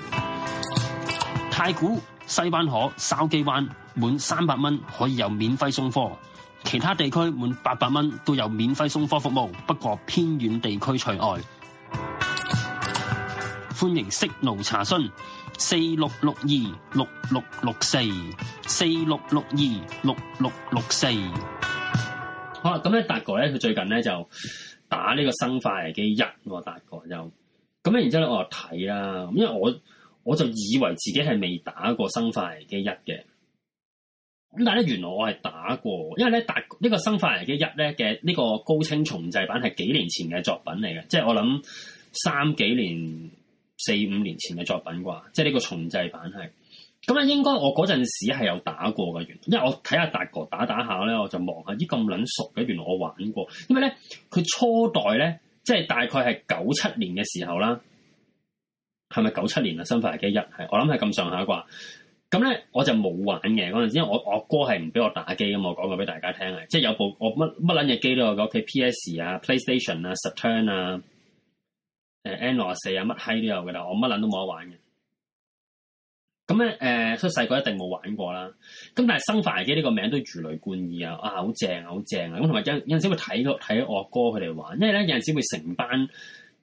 太古西灣河筲箕灣滿三百蚊，可以有免費送貨，其他地區滿八百蚊都有免費送貨服務，不過偏遠地區除外。歡迎 Signal 查詢四六六二六六六四四六六二六六六四。64，好啦，咁咧達哥咧，佢最近咧就。打呢個生化危機一我打過就咁樣，然之後咧我又睇啦，因為我我就以為自己係未打過生化危機一嘅，咁但係咧原來我係打過，因為咧打呢個生化危機一咧嘅呢個高清重製版係幾年前嘅作品嚟嘅，即係我諗三幾年四五年前嘅作品啩，即係呢個重製版係。咁啊，應該我嗰陣時係有打過嘅，原因為我睇阿達哥打打下咧，我就望下，咦咁卵熟嘅，原來我玩過，因為咧，佢初代咧，即係大概係九七年嘅時候啦，係咪九七年啊？生化危機一係，我諗係咁上下啩。咁咧，我就冇玩嘅嗰陣時，因我我哥係唔俾我打機噶嘛，我講過俾大家聽啊，即係有部我乜乜卵嘢機都有嘅屋企 P S 啊，PlayStation 啊，Saturn 啊，誒 N 六啊四啊，乜閪都有噶啦，我乜卵都冇得玩嘅。咁咧，誒出細個一定冇玩過啦，咁但係生化危機呢個名都如雷貫耳啊！啊好正啊，好正啊！咁同埋有有陣時會睇到睇我哥佢哋玩，因為咧有陣時會成班誒唔、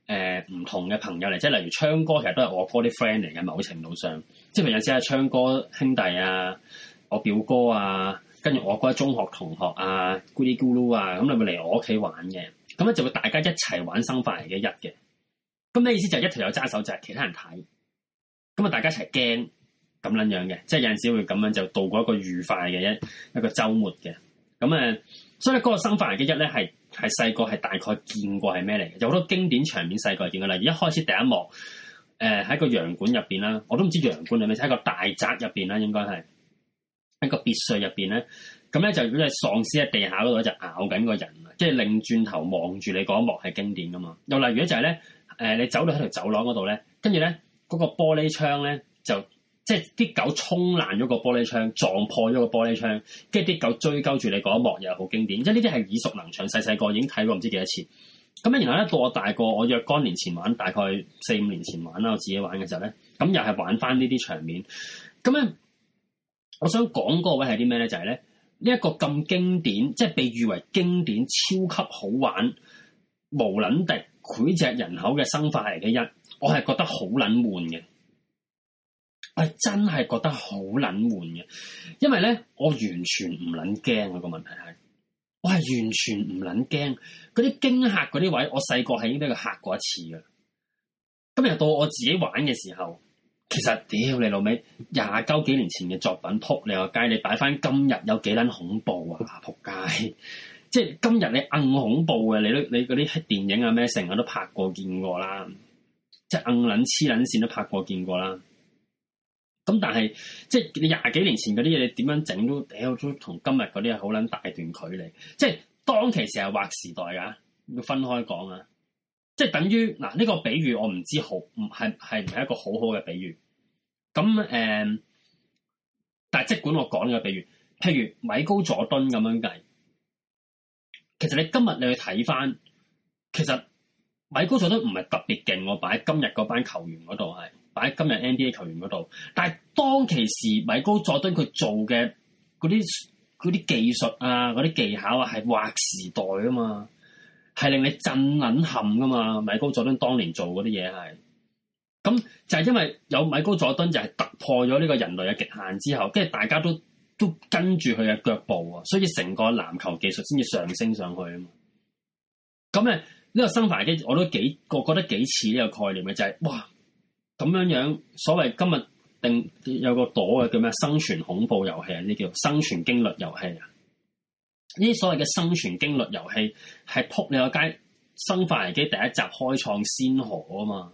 呃、同嘅朋友嚟，即係例如昌哥其實都係我哥啲 friend 嚟嘅，某程度上即係譬如有時係昌哥兄弟啊，我表哥啊，跟住我哥啲中學同學啊，咕哩咕嚕啊，咁佢會嚟我屋企玩嘅，咁咧就會大家一齊玩生化危機一嘅。咁咩意思？就一條友揸手，就係其他人睇，咁啊大家一齊驚。咁撚樣嘅，即係有陣時會咁樣就度過一個愉快嘅一一個週末嘅。咁啊，所以咧嗰、那個生化危機一咧係係細個係大概見過係咩嚟嘅？有好多經典場面細個見過嘅啦。例如一開始第一幕，誒、呃、喺個洋館入邊啦，我都唔知洋館係咪，喺一個大宅入邊啦，應該係一個別墅入邊咧。咁咧就如果你喪屍喺地下嗰度就咬緊個人，即係擰轉頭望住你嗰一幕係經典嘅嘛。又例如咧就係、是、咧，誒、呃、你走到喺條走廊嗰度咧，跟住咧嗰個玻璃窗咧就。即係啲狗衝爛咗個玻璃窗，撞破咗個玻璃窗，跟住啲狗追究住你嗰一幕又係好經典，即係呢啲係耳熟能詳，細細個已經睇過唔知幾多次。咁樣然後咧，到我大個，我若干年前玩，大概四五年前玩啦，我自己玩嘅時候咧，咁又係玩翻呢啲場面。咁樣我想講嗰位係啲咩咧？就係咧呢一個咁經典，即係被譽為經典、超級好玩、無撚敵、膾炙人口嘅生化嚟嘅。一，我係覺得好撚悶嘅。我係真係覺得好捻悶嘅，因為咧，我完全唔捻驚啊。這個問題係我係完全唔捻驚嗰啲驚嚇嗰啲位。我細個係已經俾佢嚇過一次噶，今日到我自己玩嘅時候，其實屌 你老味，廿九幾年前嘅作品扑 你個街，你擺翻今日有幾捻恐怖啊？扑街！即係今日你硬恐怖嘅，你都你嗰啲電影啊咩，成日都拍過見過啦，即係硬捻黐捻線都拍過見過啦。咁但係，即、就、係、是、你廿幾年前嗰啲嘢，你點樣整都，都同今日嗰啲係好捻大段距離。即、就、係、是、當其時係劃時代㗎，要分開講、就是、啊。即係等於嗱，呢個比喻我唔知好，唔係係唔係一個好好嘅比喻。咁誒、嗯，但係即管我講呢個比喻，譬如米高佐敦咁樣計，其實你今日你去睇翻，其實米高佐敦唔係特別勁，我擺喺今日嗰班球員嗰度係。擺喺今日 NBA 球員嗰度，但係當其時米高佐敦佢做嘅嗰啲啲技術啊，嗰啲技巧啊，係劃時代噶嘛，係令你震震撼噶嘛。米高佐敦當年做嗰啲嘢係，咁就係因為有米高佐敦就係突破咗呢個人類嘅極限之後，跟住大家都都跟住佢嘅腳步啊，所以成個籃球技術先至上升上去啊嘛。咁咧呢個生化危機我都幾，我覺得幾似呢個概念嘅，就係、是、哇！咁樣樣，所謂今日定有個朵嘅叫咩生存恐怖遊戲啊？呢叫生存驚慄遊戲啊？呢啲所謂嘅生存驚慄遊戲係撲你個街生化危機第一集開創先河啊嘛，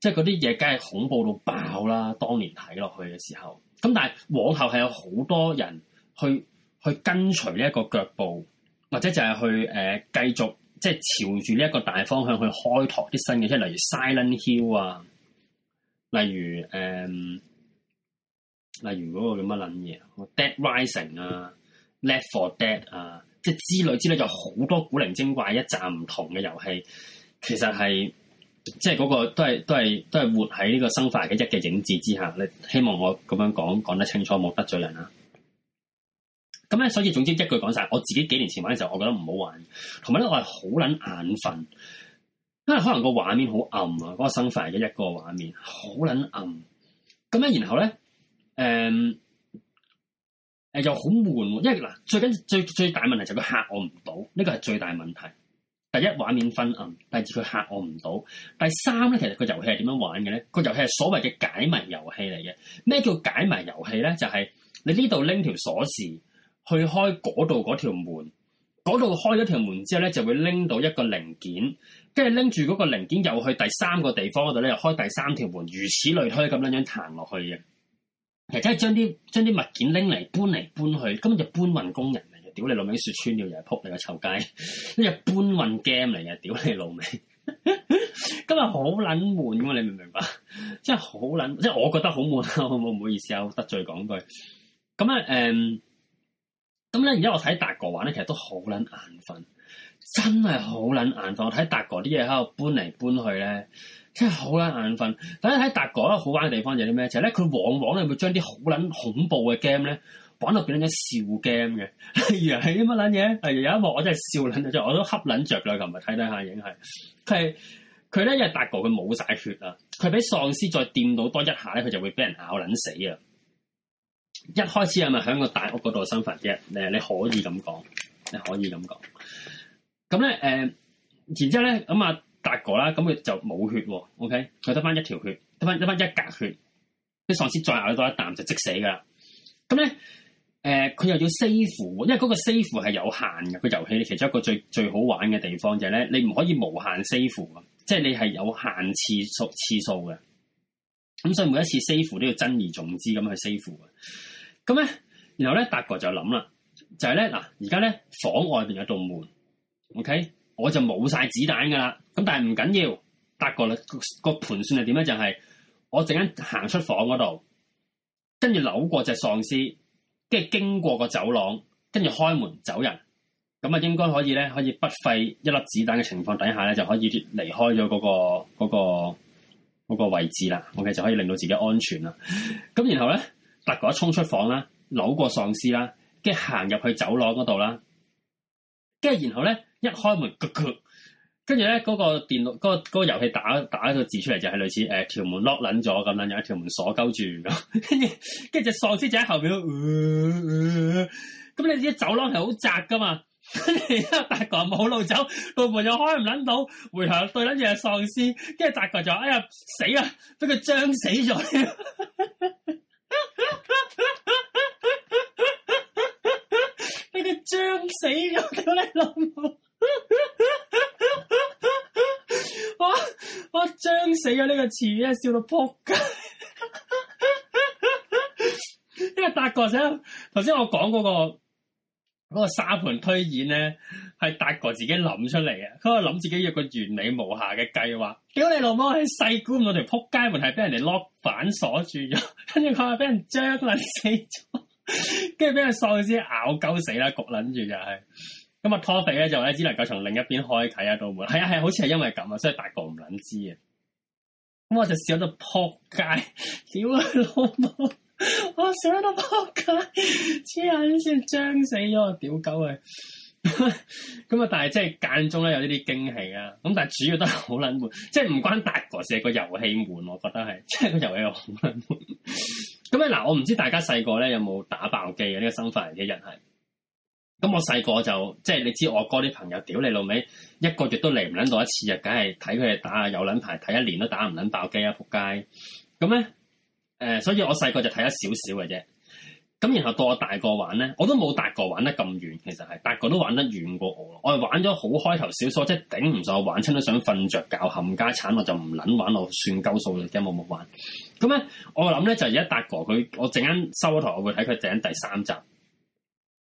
即係嗰啲嘢梗係恐怖到爆啦。當年睇落去嘅時候，咁但係往後係有好多人去去跟隨呢一個腳步，或者就係去誒、呃、繼續即係朝住呢一個大方向去開拓啲新嘅，即係例如 Silent Hill 啊。例如，誒、嗯，例如嗰個叫乜捻嘢，Dead Rising 啊，Left for Dead 啊，即係之類之類就好多古靈精怪一紮唔同嘅遊戲，其實係即係嗰個都係都係都係活喺呢個生化危機一嘅影子之下。你希望我咁樣講講得清楚，冇得罪人啊？咁咧，所以總之一句講晒，我自己幾年前玩嘅時候，我覺得唔好玩，同埋咧我係好捻眼瞓。因為可能個畫面好暗啊，嗰個生化一一個畫面好撚暗，咁樣然後咧，誒誒又好悶，因為嗱最緊最最大問題就係佢吓我唔到，呢個係最大問題。第一畫面昏暗，第二佢吓我唔到，第三咧其實個遊戲係點樣玩嘅咧？個遊戲係所謂嘅解謎遊戲嚟嘅。咩叫解謎遊戲咧？就係你呢度拎條鎖匙去開嗰度嗰條門，嗰度開咗條門之後咧就會拎到一個零件。跟住拎住嗰個零件，又去第三個地方嗰度咧，又開第三條門，如此類推咁樣樣彈落去嘅。其實真係將啲將啲物件拎嚟搬嚟搬去，根本就搬運工人嚟嘅。屌你老味，說穿了又係撲你個臭街，跟住搬運 game 嚟嘅。屌你老味，今日好撚悶咁你明唔明白？即係好撚，即係我覺得好悶。我唔好意思啊，我得罪講句。咁啊誒，咁咧而家我睇達哥玩咧，其實都好撚眼瞓。真係好撚眼瞓，睇達哥啲嘢喺度搬嚟搬去咧，真係好撚眼瞓。但係睇達哥一個好玩嘅地方就係啲咩？就係咧，佢往往咧會將啲好撚恐怖嘅 game 咧，玩到變咗笑 game 嘅，原來係啲乜撚嘢？係有一幕我真係笑撚，就我都恰撚着啦，琴日，睇睇下已經係，佢係佢咧，因為達哥佢冇晒血啊，佢俾喪屍再掂到多一下咧，佢就會俾人咬撚死啊！一開始係咪響個大屋嗰度生份啫？誒，你可以咁講，你可以咁講。.咁咧，誒、呃，然之後咧，咁阿達哥啦，咁佢就冇血、哦，OK，佢得翻一條血，得翻得翻一格血，啲喪屍再咬多一啖就即死噶。咁咧，誒、呃，佢又要 save 喎，因為嗰個 save 係有限嘅。個遊戲其中一個最最好玩嘅地方就係咧，你唔可以無限 save 喎，即係你係有限次數次數嘅。咁所以每一次 save 都要珍而重之咁去 save 喎。咁咧，然後咧，達哥就諗啦，就係咧嗱，而家咧房外邊有道門。OK，我就冇晒子彈噶啦，咁但係唔緊要，達哥個盤算係點咧？就係、是、我陣間行出房嗰度，跟住扭過隻喪屍，跟住經過個走廊，跟住開門走人，咁啊應該可以咧，可以不費一粒子彈嘅情況底下咧，就可以離開咗嗰、那個嗰、那個嗰、那個位置啦。OK，就可以令到自己安全啦。咁 然後咧，達哥一衝出房啦，扭過喪屍啦，跟住行入去走廊嗰度啦，跟住然後咧。一開門，跟住咧嗰個電腦嗰、那個、那個遊戲打打一個字出嚟，就係類似誒條、欸、門 lock 捻咗咁樣，有一條門鎖鳩住咁。跟住跟住隻喪屍就喺後邊，咁、呃呃、你知啲走廊係好窄噶嘛？跟住達哥冇路走，個門又開唔捻到，回頭對撚住係喪屍，跟住達哥就哎呀死啊！俾佢脹死咗，俾佢脹死咗，咁你諗？ 張 我我將死咗呢個詞語笑到扑街，因為達哥想，頭先我講嗰個個沙盤推演咧，係達哥自己諗出嚟嘅，佢諗自己有個完美無瑕嘅計劃。屌你老母，喺細估唔到條扑街門係俾人哋 lock 反鎖住咗，跟住佢又俾人將爛死咗，跟住俾人喪屍咬鳩死啦，焗捻住就係、是。咁啊，拖肥咧就呢，咧，只能夠從另一邊開啟一道門係啊係啊，好似係因為咁啊，所以達哥唔捻知啊。咁我就笑到撲街，屌啊老母，我笑得撲街，黐眼先脹死咗啊，屌狗啊！咁啊，但係即係間中咧有呢啲驚喜啊，咁但係主要都係好捻悶，即係唔關達哥事，個遊戲悶我覺得係，即係個遊戲好捻悶。咁啊，嗱，我唔知大家細個咧有冇打爆機啊？呢、這個生化人嘅人係。咁我細個就即係你知我哥啲朋友屌你老味，一個月都嚟唔捻到一次啊梗係睇佢哋打下有捻排睇一年都打唔捻爆機啊，仆街！咁咧誒，所以我細個就睇咗少少嘅啫。咁然後到我大個玩咧，我都冇達哥玩得咁遠，其實係達哥都玩得遠過我。我係玩咗好開頭少少，即係頂唔上我玩親都想瞓着覺，冚家鏟，我就唔捻玩我算鳩數嘅，冇冇玩。咁咧我諗咧就而家達哥佢，我陣間收咗台我會睇佢頂第三集。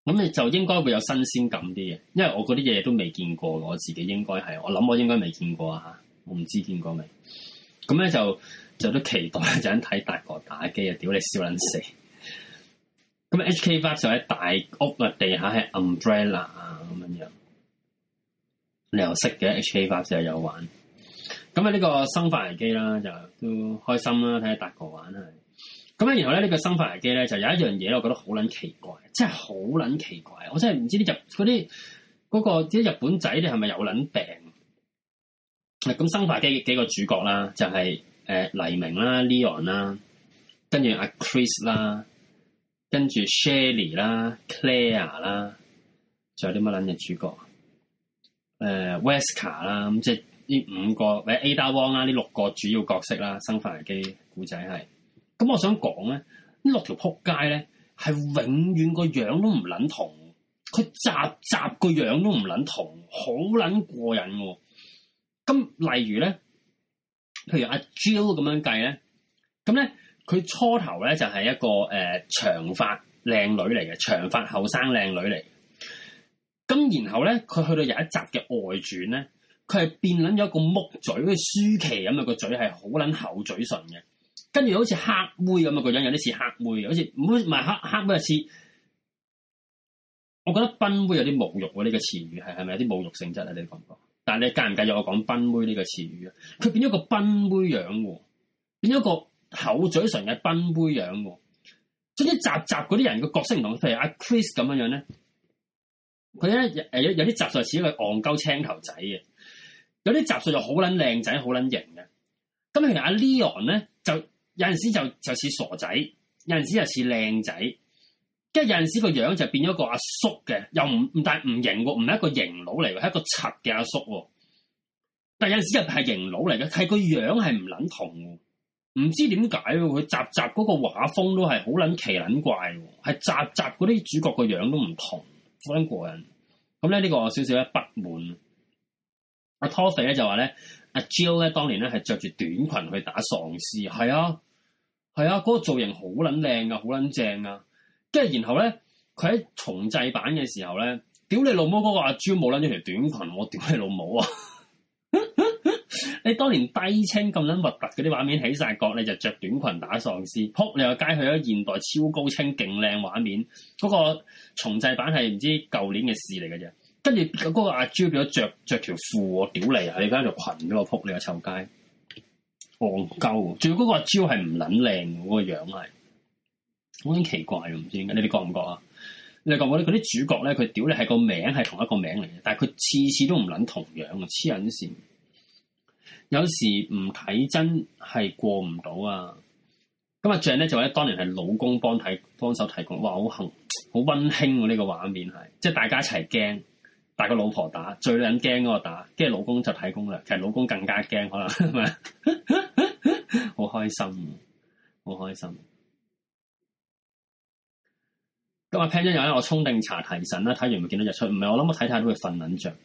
咁你就應該會有新鮮感啲嘅，因為我嗰啲嘢都未見過，我自己應該係，我諗我應該未見過啊吓，我唔知見過未。咁咧就就都期待一陣睇達哥打機啊，屌你笑卵死！咁 HK 八就喺大屋啊，地下係 Umbrella 啊咁樣樣，你又識嘅 HK 八就有玩。咁啊，呢個生化危機啦，就都開心啦，睇下達哥玩係。咁咧，然後咧呢、這個生化危機咧就有一樣嘢，我覺得好撚奇怪，真係好撚奇怪。我真係唔知啲日嗰啲嗰個啲日本仔你係咪有撚病？咁生化危機幾個主角啦，就係、是、誒、呃、黎明啦、Leon 啦，跟住阿、啊、Chris 啦，跟住 Shirley 啦、Claire 啦，仲有啲乜撚嘅主角誒、呃、Wesker 啦，即係呢五個或者 Ada Wong 啦，呢六個主要角色啦。生化危機故仔係。咁我想講咧，六條仆呢六條扑街咧，係永遠個樣都唔捻同，同，佢集集個樣都唔捻同，好捻過癮喎。咁例如咧，譬如阿 Jo 咁樣計咧，咁咧佢初頭咧就係、是、一個誒長髮靚女嚟嘅，長髮後生靚女嚟。咁然後咧，佢去到有一集嘅外傳咧，佢係變捻咗一個木嘴，好似舒淇咁啊個嘴係好捻厚嘴唇嘅。跟住好似黑妹咁啊，個樣有啲似黑妹，好似唔好係黑黑妹啊。似。我覺得賓妹有啲侮辱喎，呢、這個詞語係係咪有啲侮辱性質啊？你個感覺，但係你介唔介意我講賓妹呢個詞語啊？佢變咗個賓妹樣，變咗個厚嘴唇嘅賓妹樣。總之集集嗰啲人個角色唔同，譬如阿 Chris 咁樣樣咧，佢咧誒有有啲集數似一個戇鳩青頭仔嘅，有啲集數就好撚靚仔，好撚型嘅。咁其實阿、啊、Leon 咧就。有陣時就就似傻仔，有陣時又似靚仔，跟住有陣時個樣就變咗個阿叔嘅，又唔但係唔型，唔係一個型佬嚟嘅，係一個賊嘅阿叔。但有陣時又係型佬嚟嘅，係個樣係唔捻同，唔知點解佢集集嗰個畫風都係好捻奇捻怪，係集集嗰啲主角個樣都唔同，好捻過癮。咁咧呢個少少咧不滿，阿 Taufy 咧就話咧。阿、啊、Jill 咧，當年咧係着住短裙去打喪屍，係啊，係啊，嗰、那個造型好撚靚啊，好撚正啊，跟住然後咧，佢喺重製版嘅時候咧，屌你老母嗰個阿 Jill 冇撚咗條短裙，我屌你老母啊！ 你當年低清咁撚核突嗰啲畫面起晒角，你就着短裙打喪屍，扑你個街，去咗現代超高清勁靚畫面，嗰、那個重製版係唔知舊年嘅事嚟嘅啫。跟住嗰個阿嬌變咗着着條褲喎，屌你啊！你而家着裙咁啊，仆你啊，臭街！戇鳩！仲要嗰個阿嬌係唔捻靚，嗰、嗰個樣係，好諗奇怪啊，唔知點解？你哋覺唔覺啊？你哋覺唔覺得嗰啲主角咧，佢屌你係個名係同一個名嚟嘅，但係佢次次都唔捻同樣，黐人線！有時唔睇真係過唔到啊！咁阿像咧就話咧，當年係老公幫睇幫手提供，哇，好幸好溫馨喎！呢、呢個畫面係，即係大家一齊驚。大個老婆打最卵驚嗰個打，跟住老公就睇攻略。其實老公更加驚可能，係咪？好開心，好開心。今日 plan 咗有咧，我沖定茶提神啦，睇完咪見到日出。唔係我諗我睇睇都會瞓緊着。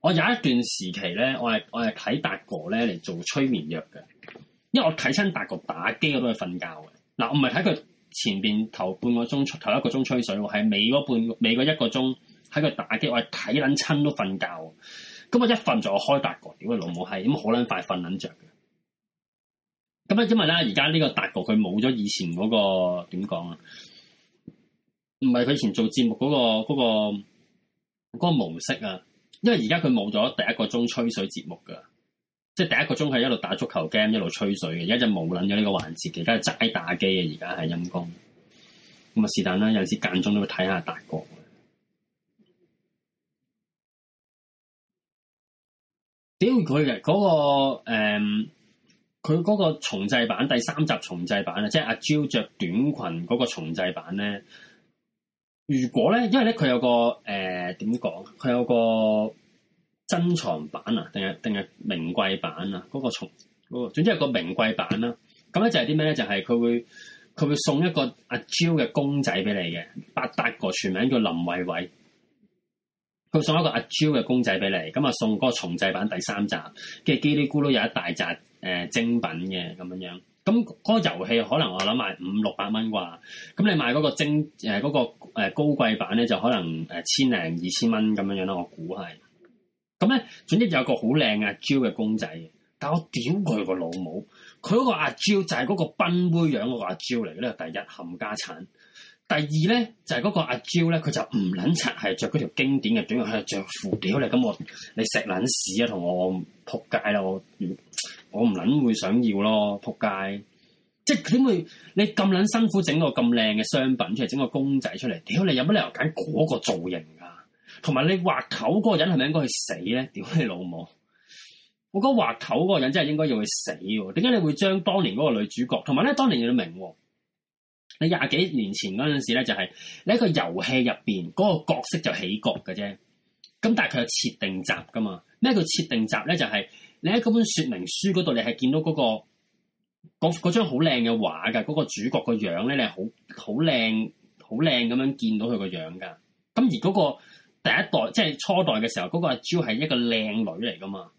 我有一段時期咧，我係我係睇達哥咧嚟，做催眠藥嘅，因為我睇親達哥打機我都係瞓覺嘅。嗱，我唔係睇佢前邊頭半個鐘、頭一個鐘吹水，係尾嗰半個、尾嗰個一個鐘。喺度打機，我係睇撚親都瞓覺。咁我一瞓住我開達哥，屌佢老母閪，咁好撚快瞓撚着嘅。咁啊，因為啦，而家呢個達哥佢冇咗以前嗰個點講啊，唔係佢以前做節目嗰個嗰個嗰個模式啊。因為而家佢冇咗第一個鐘吹水節目噶，即係第一個鐘係一路打足球 game 一路吹水嘅，而家就冇撚咗呢個環節嘅，而家齋打機嘅，而家係陰功。咁啊，咪是但啦，有陣時間中都會睇下達哥。點佢嘅嗰個誒，佢、嗯、嗰個重製版第三集重製版啊，即係阿 Jill 着短裙嗰個重製版咧。如果咧，因為咧佢有個誒點講，佢、呃、有個珍藏版啊，定係定係名貴版啊，嗰、那個重、那個，總之係個名貴版啦、啊。咁咧就係啲咩咧？就係、是、佢會佢會送一個阿 Jill 嘅公仔俾你嘅，八達哥全名叫林慧慧。佢送一個阿嬌嘅公仔俾你，咁啊送嗰個重製版第三集，跟住嘰里咕嚕有一大集誒、呃、精品嘅咁樣樣，咁、那、嗰個遊戲可能我諗賣五六百蚊啩，咁你賣嗰個精誒、呃那個誒、呃呃、高貴版咧就可能誒、呃、千零二千蚊咁樣樣啦，我估係，咁咧總之有一個好靚阿嬌嘅公仔，但我屌佢個老母，佢嗰個阿嬌就係嗰個崩杯樣嗰個阿嬌嚟嘅咧，第一冚家鏟。第二咧就係、是、嗰個阿嬌咧，佢就唔捻柒，係着嗰條經典嘅短裙，係着褲屌你咁我你食捻屎啊，同我扑街啦，我我唔捻會想要咯，扑街！即係點會你咁捻辛苦整個咁靚嘅商品出嚟，整個公仔出嚟，屌你,你有乜理由揀嗰個造型㗎？同埋你畫醜嗰個人係咪應該去死咧？屌你老母！我覺得畫醜嗰個人真係應該要去死，點解你會將當年嗰個女主角同埋咧當年嘅明皇？你廿幾年前嗰陣時咧，就係、是、你喺個遊戲入邊嗰、那個角色就起角嘅啫。咁但係佢有設定集噶嘛？咩叫設定集咧？就係、是、你喺嗰本說明書嗰度，你係見到嗰、那個嗰張好靚嘅畫噶，嗰、那個主角個樣咧，你係好好靚好靚咁樣見到佢個樣噶。咁而嗰個第一代即係初代嘅時候，嗰、那個阿嬌係一個靚女嚟噶嘛？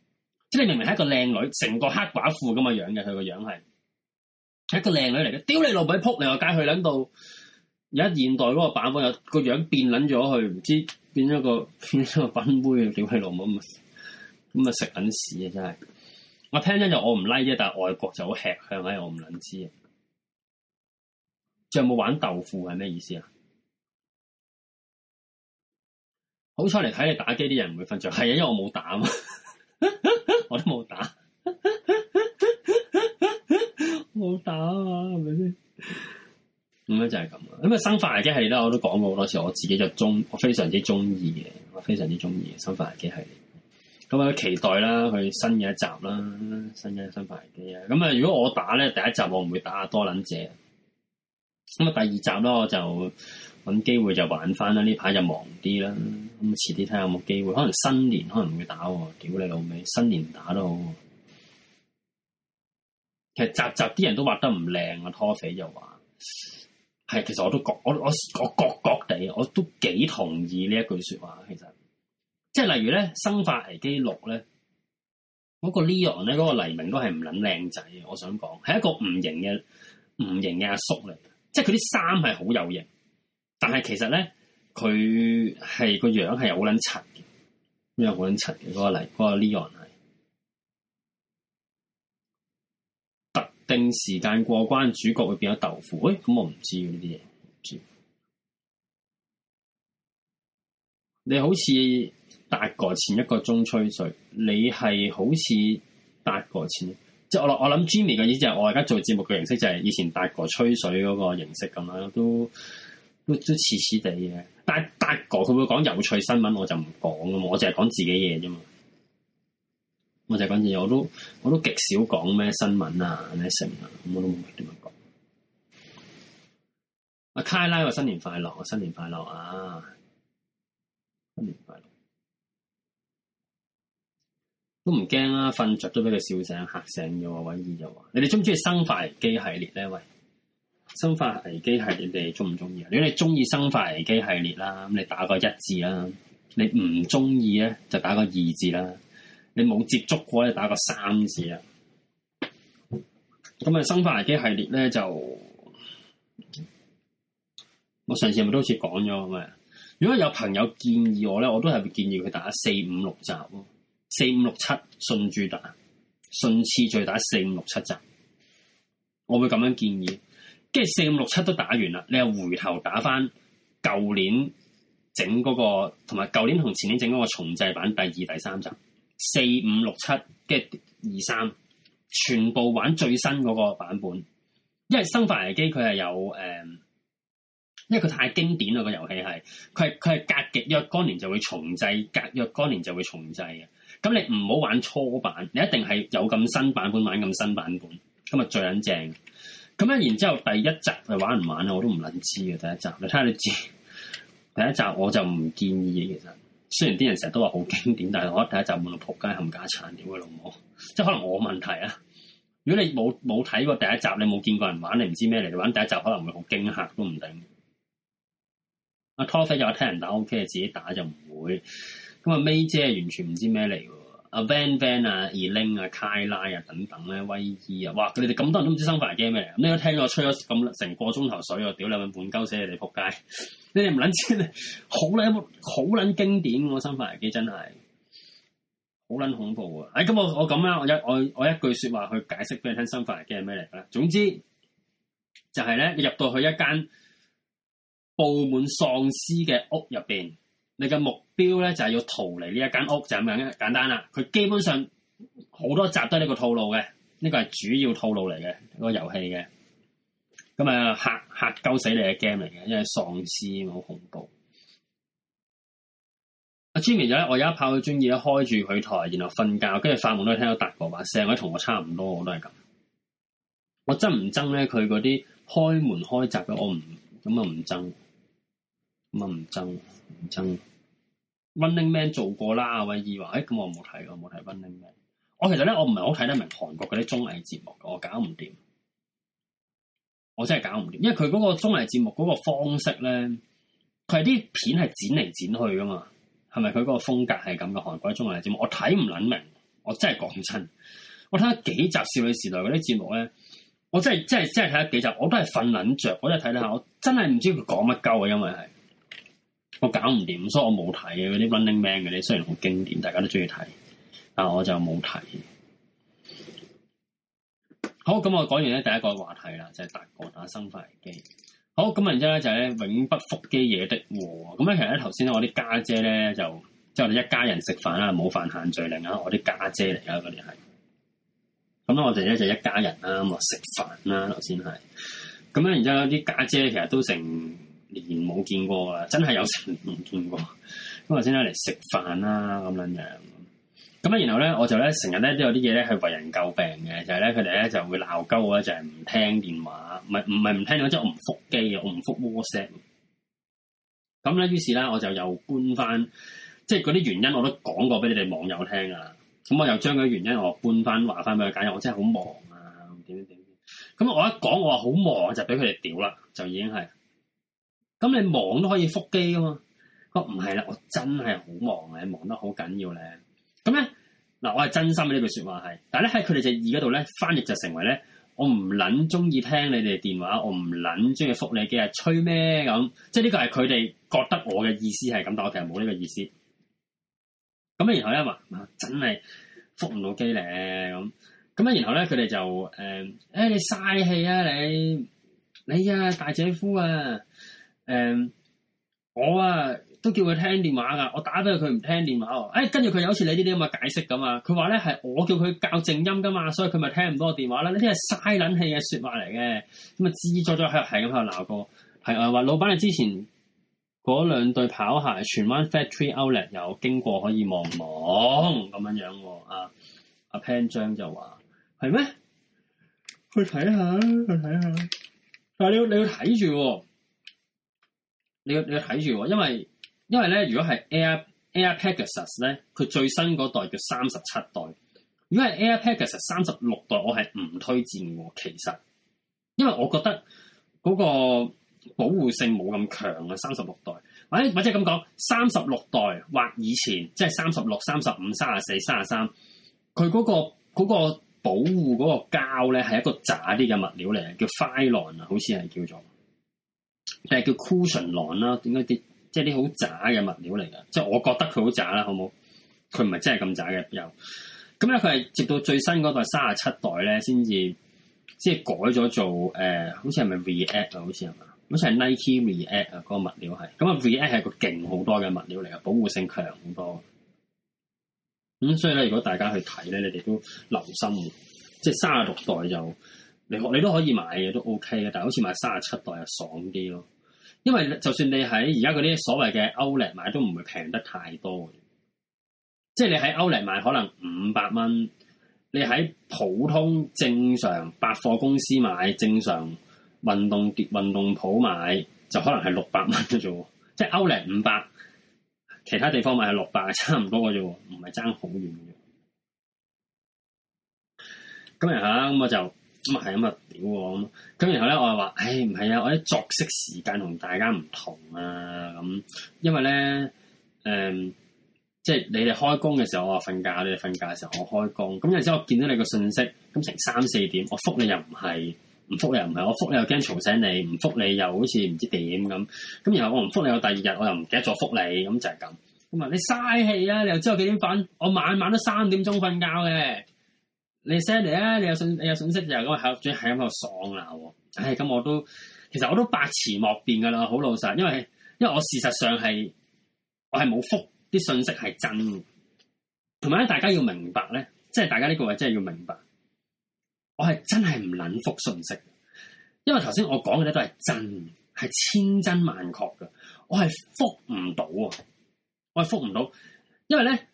即你明明係一個靚女，成個黑寡婦咁嘅樣嘅，佢個樣係。一個靚女嚟嘅，丟你老母，扑你個街去捻度。而家現代嗰個版本又個樣變捻咗，去唔知變咗個變咗個粉灰，屌你老母咁啊，食緊屎啊，真係。我聽因就我唔拉啫，但係外國就好吃，香，係咪？我唔捻知啊。仲有冇玩豆腐係咩意思啊？好彩嚟睇你打機啲人唔會瞓着，係啊， 因為我冇打啊嘛， 我都冇打。冇打啊，係咪先？咁樣就係咁，咁啊生化危機啦，我都講過好多次，我自己就中，我非常之中意嘅，我非常之中意生化危機系列。咁啊，我期待啦，去新嘅一集啦，新嘅生化危機啊。咁啊，如果我打咧，第一集我唔會打多撚姐。咁啊，第二集囉，我就搵機會就玩翻啦。呢排就忙啲啦，咁遲啲睇下有冇機會。可能新年可能會打喎，屌你老味，新年打都好。其實集集啲人都畫得唔靚啊，拖匪，就話係其實我都覺我我我覺覺地，我都幾同意呢一句說話。其實即係例如咧，生化危機六咧嗰、嗰個 Leon 咧，嗰個黎明都係唔撚靚仔。我想講係一個唔型嘅唔型嘅阿叔嚟，即係佢啲衫係好有型，但係其實咧佢係個樣係好撚柒嘅，咁又好撚柒嘅個黎嗰個 Leon。定時間過關，主角會變咗豆腐。哎，咁我唔知呢啲嘢。唔知你好似達哥前一個鐘吹水，你係好似達哥前，即係我我諗 Jimmy 嘅意思就係我而家做節目嘅形式就係以前達哥吹水嗰個形式咁樣，都都都似似地嘅。但係達哥佢會講有趣新聞，我就唔講啦，我淨係講自己嘢啫嘛。我就係講嘢，我都我都極少講咩新聞啊、咩成啊，我都唔點樣講。阿卡拉個新年快樂！新年快樂啊！新年快樂，都唔驚啦，瞓着都俾佢笑醒、嚇醒咗喎。喂二又話：你哋中唔中意生化危機系列咧？喂，生化危機系列你哋中唔中意啊？如果你中意生化危機系列啦，咁你打個一字啦；你唔中意咧，就打個二字啦。你冇接觸過咧，打過三次啊。咁啊，生化危機系列咧就我上次咪都好似講咗咁啊。如果有朋友建議我咧，我都係會建議佢打四五六集咯，四五六七順住打，順次再打四五六七集。我會咁樣建議。跟住四五六七都打完啦，你又回頭打翻舊年整嗰個，同埋舊年同前年整嗰個重製版第二、第三集。四五六七，跟住二三，全部玩最新嗰個版本，因為生化危機佢係有誒、嗯，因為佢太經典啦個遊戲係，佢係佢係隔極若干年就會重製，隔若干年就會重製嘅。咁你唔好玩初版，你一定係有咁新版本玩咁新版本，咁咪最撚正。咁啊，然之後第一集係玩唔玩啊？我都唔撚知嘅第一集，你睇下你知。第一集我就唔建議嘅其實。雖然啲人成日都話好經典，但係我覺得第一集滿到仆街冚家鏟屌佢老母，即係可能我問題啊！如果你冇冇睇過第一集，你冇見過人玩，你唔知咩嚟。玩第一集可能會好驚嚇都唔定。阿拖又有聽人打 O、OK, K，自己打就唔會。咁啊，May 姐完全唔知咩嚟喎。阿 van van 啊，e ling 啊，Kyla 啊，link，等等咧，威衣啊，哇！佢哋咁多人都唔知生化危機咩嚟？呢個聽咗吹咗咁成個鐘頭水啊！屌你份本鳩死你哋仆街，你哋唔撚知？好撚好撚經典個生化危機真係，好撚恐怖啊！哎，咁我我咁啦，我一我我一句說話去解釋俾你聽，生化危機係咩嚟嘅啦？總之就係、是、咧，你入到去一間佈滿喪屍嘅屋入邊，你嘅木標咧就係、是、要逃離呢一間屋就咁樣簡單啦，佢基本上好多集都係呢個套路嘅，呢、這個係主要套路嚟嘅，這個遊戲嘅。咁啊吓吓鳩死你嘅 game 嚟嘅，因為喪屍好恐怖。阿、啊、Jimmy 又咧，我有一炮去中意咧，開住佢台然後瞓覺，跟住發夢都聽到達哥把聲，我同我差唔多，我都係咁。我憎唔憎咧？佢嗰啲開門開閘嘅，我唔咁啊唔憎，咁啊唔憎。唔憎。Running Man 做過啦，阿威二話，哎咁我冇睇過，我冇睇 Running Man。我其實咧，我唔係好睇得明韓國嗰啲綜藝節目，我搞唔掂，我真係搞唔掂。因為佢嗰個綜藝節目嗰個方式咧，佢係啲片係剪嚟剪去噶嘛，係咪佢嗰個風格係咁嘅韓國綜藝節目？我睇唔撚明，我真係講真，我睇咗幾集少女時代嗰啲節目咧，我真係真係真係睇咗幾集，我都係瞓撚着。我真係睇得下，我真係唔知佢講乜鳩啊，因為係。我搞唔掂，所以我冇睇嘅嗰啲 Running Man 嗰啲，雖然好經典，大家都中意睇，但我就冇睇。好，咁我講完咧，第一個話題啦，就係《達哥打生化危機》。好，咁然之後咧就咧永不覆機惹的禍。咁咧其實咧頭先咧我啲家姐咧就即係我哋一家人食飯啦，冇犯限聚令啊！我啲家姐嚟啊，嗰啲係。咁咧我哋咧就一家人啦，我食飯啦頭先係。咁咧然之後啲家姐，姐其實都成。年冇見過啦，真係有成年唔見過。咁我先咧嚟食飯啦，咁樣樣咁然後咧，我就咧成日咧都有啲嘢咧係為人詬病嘅，就係咧佢哋咧就會鬧鳩我，就係、是、唔聽電話，唔唔係唔聽到，即係我唔復機嘅，我唔復 WhatsApp。咁咧，於是咧我就又搬翻，即係嗰啲原因我都講過俾你哋網友聽啊。咁我又將嗰啲原因我搬翻話翻俾佢解，我真係好忙啊，點點點。咁我一講我話好忙，就俾佢哋屌啦，就已經係。咁你忙都可以復機噶嘛？我唔係啦，我真係好忙咧、啊，忙得好緊要咧、啊。咁咧嗱，我係真心呢句說話係，但係咧喺佢哋隻耳嗰度咧，翻譯就成為咧，我唔捻中意聽你哋電話，我唔捻中意復你機日吹咩咁？即係呢個係佢哋覺得我嘅意思係咁，但我其實冇呢個意思。咁然後咧話，真係復唔到機咧，咁咁啊，然後咧佢哋就誒，誒、呃欸、你嘥氣啊你，你啊大姐夫啊！誒、嗯，我啊都叫佢聽電話噶，我打俾佢，佢唔聽電話哦。誒、哎，跟住佢有一次你呢啲咁嘅解釋噶嘛，佢話咧係我叫佢較靜音噶嘛，所以佢咪聽唔到我電話啦。呢啲係嘥撚氣嘅說話嚟嘅，咁啊，滋滋咗咗喺度，係咁喺度鬧哥，係啊，話老闆,老闆你之前嗰兩對跑鞋，荃灣 Factory Outlet 有經過可以望唔望咁樣樣、啊？阿阿 Pan 張就話係咩？去睇下去睇下，但你要你要睇住、喔。你要你要睇住，因為因為咧，如果係 Air Air Pegasus 咧，佢最新嗰代叫三十七代。如果係 Air Pegasus 三十六代，我係唔推薦喎。其實，因為我覺得嗰個保護性冇咁強啊。三十六代，或者或者咁講，三十六代或以前，即係三十六、三十五、三十四、三十三，佢嗰個嗰個保護嗰個膠咧，係一個渣啲嘅物料嚟嘅，叫 Phylon 啊，好似係叫做。誒，定係叫 cushion 狼啦，點解啲即係啲好渣嘅物料嚟噶？即係我覺得佢好渣啦，好冇？佢唔係真係咁渣嘅又，咁咧佢係直到最新嗰代三十七代咧，先至即係改咗做誒，好似係咪 react 啊？好似係嘛？好似係 Nike react 啊？嗰個物料係，咁啊 react 係個勁好多嘅物料嚟噶，保護性強好多。咁、嗯、所以咧，如果大家去睇咧，你哋都留心，即係三十六代就。你你都可以買嘅都 OK 嘅，但係好似買三十七代就爽啲咯。因為就算你喺而家嗰啲所謂嘅 Outlet 買都唔會平得太多。即係你喺 Outlet 買可能五百蚊，你喺普通正常百貨公司買、正常運動店運動鋪買就可能係六百蚊嘅啫。即係 Outlet 五百，其他地方買係六百，差唔多嘅啫，唔係爭好遠嘅。咁樣下咁我就。咁啊，係咁啊，屌喎！咁、嗯，咁然後咧，我係話，唉、哎，唔係啊，我啲作息時間同大家唔同啊，咁、嗯，因為咧，誒、嗯，即係你哋開工嘅時候，我話瞓覺；你哋瞓覺嘅時候，我開工。咁、嗯、有陣時我見到你個信息，咁、嗯、成三四點，我復你又唔係，唔復你又唔係，我復你又驚嘈醒你，唔復你又好似唔知點咁。咁、嗯、然後我唔復你，你，我第二日我又唔記得咗復你，咁就係、是、咁。咁、嗯、啊，你嘥氣啊！你又知我幾點瞓？我晚晚都三點鐘瞓覺嘅。你 send 嚟啊！你有信你有信息就咁，口嘴喺咁度爽鬧，唉！咁我都其實我都百詞莫辯噶啦，好老實，因為因為我事實上係我係冇復啲信息係真的，同埋咧，大家要明白咧，即係大家呢個話真係要明白，我係真係唔捻復信息，因為頭先我講嘅咧都係真，係千真萬確噶，我係復唔到啊，我係復唔到，因為咧。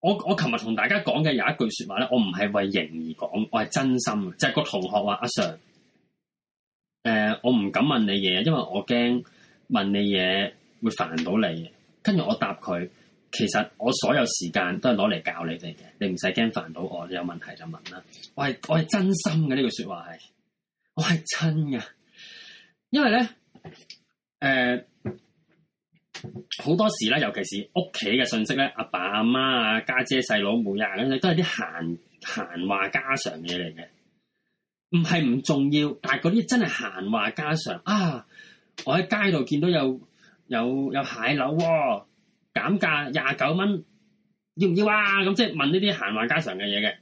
我我琴日同大家講嘅有一句說話咧，我唔係為形而講，我係真心。即、就、係、是、個同學話阿、啊、Sir，誒、呃，我唔敢問你嘢，因為我驚問你嘢會煩到你。跟住我答佢，其實我所有時間都係攞嚟教你哋嘅，你唔使驚煩到我，你有問題就問啦。我係我係真心嘅呢句說話係，我係真㗎。因為咧，誒、呃。好多時咧，尤其是屋企嘅信息咧，阿爸阿媽啊、家姐細佬妹啊，咁樣都係啲閒閒話家常嘢嚟嘅，唔係唔重要，但係嗰啲真係閒話家常啊！我喺街度見到有有有蟹柳喎，減價廿九蚊，要唔要啊？咁即係問呢啲閒話家常嘅嘢嘅，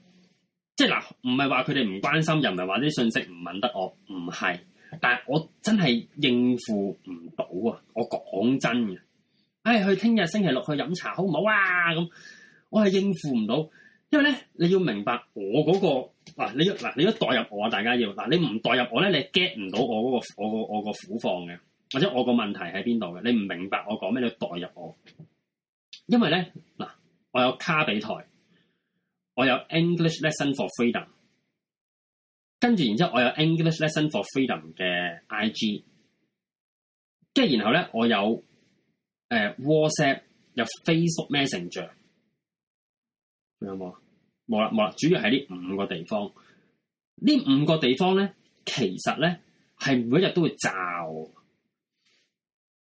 即係嗱，唔係話佢哋唔關心，又唔係話啲信息唔問得我唔係，但係我真係應付唔到啊！我講真嘅。唉、哎，去聽日星期六去飲茶好唔好啊？咁我係應付唔到，因為咧你要明白我嗰、那個嗱，你要嗱，你代入我，大家要嗱，你唔代入我咧，你 get 唔到我嗰、那個我個我個苦況嘅，或者我個問題喺邊度嘅，你唔明白我講咩，你要代入我。因為咧嗱，我有卡比台，我有 English lesson for freedom，跟住然之後我有 English lesson for freedom 嘅 IG，即係然後咧我有。誒、呃，WhatsApp 有 Facebook、Messenger，有冇？冇啦，冇啦，主要係呢五個地方。呢五個地方咧，其實咧係每一日都會炸。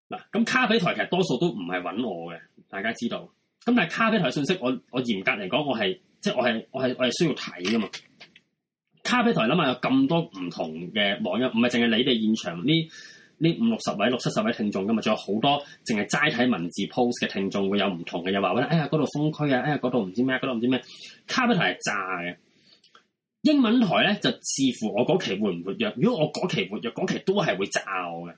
嗱，咁卡比台其實多數都唔係搵我嘅，大家知道。咁但係卡比台信息，我我嚴格嚟講，我係即係我係我係我係需要睇噶嘛。卡比台諗下有咁多唔同嘅網友，唔係淨係你哋現場呢？呢五六十位六七十位聽眾噶嘛，仲有好多淨係齋睇文字 post 嘅聽眾，會有唔同嘅又話喂，哎呀嗰度封區啊，哎呀嗰度唔知咩，嗰度唔知咩，卡比特係炸嘅。英文台咧就視乎我嗰期活唔活躍。如果我嗰期活躍，嗰期都係會炸我嘅。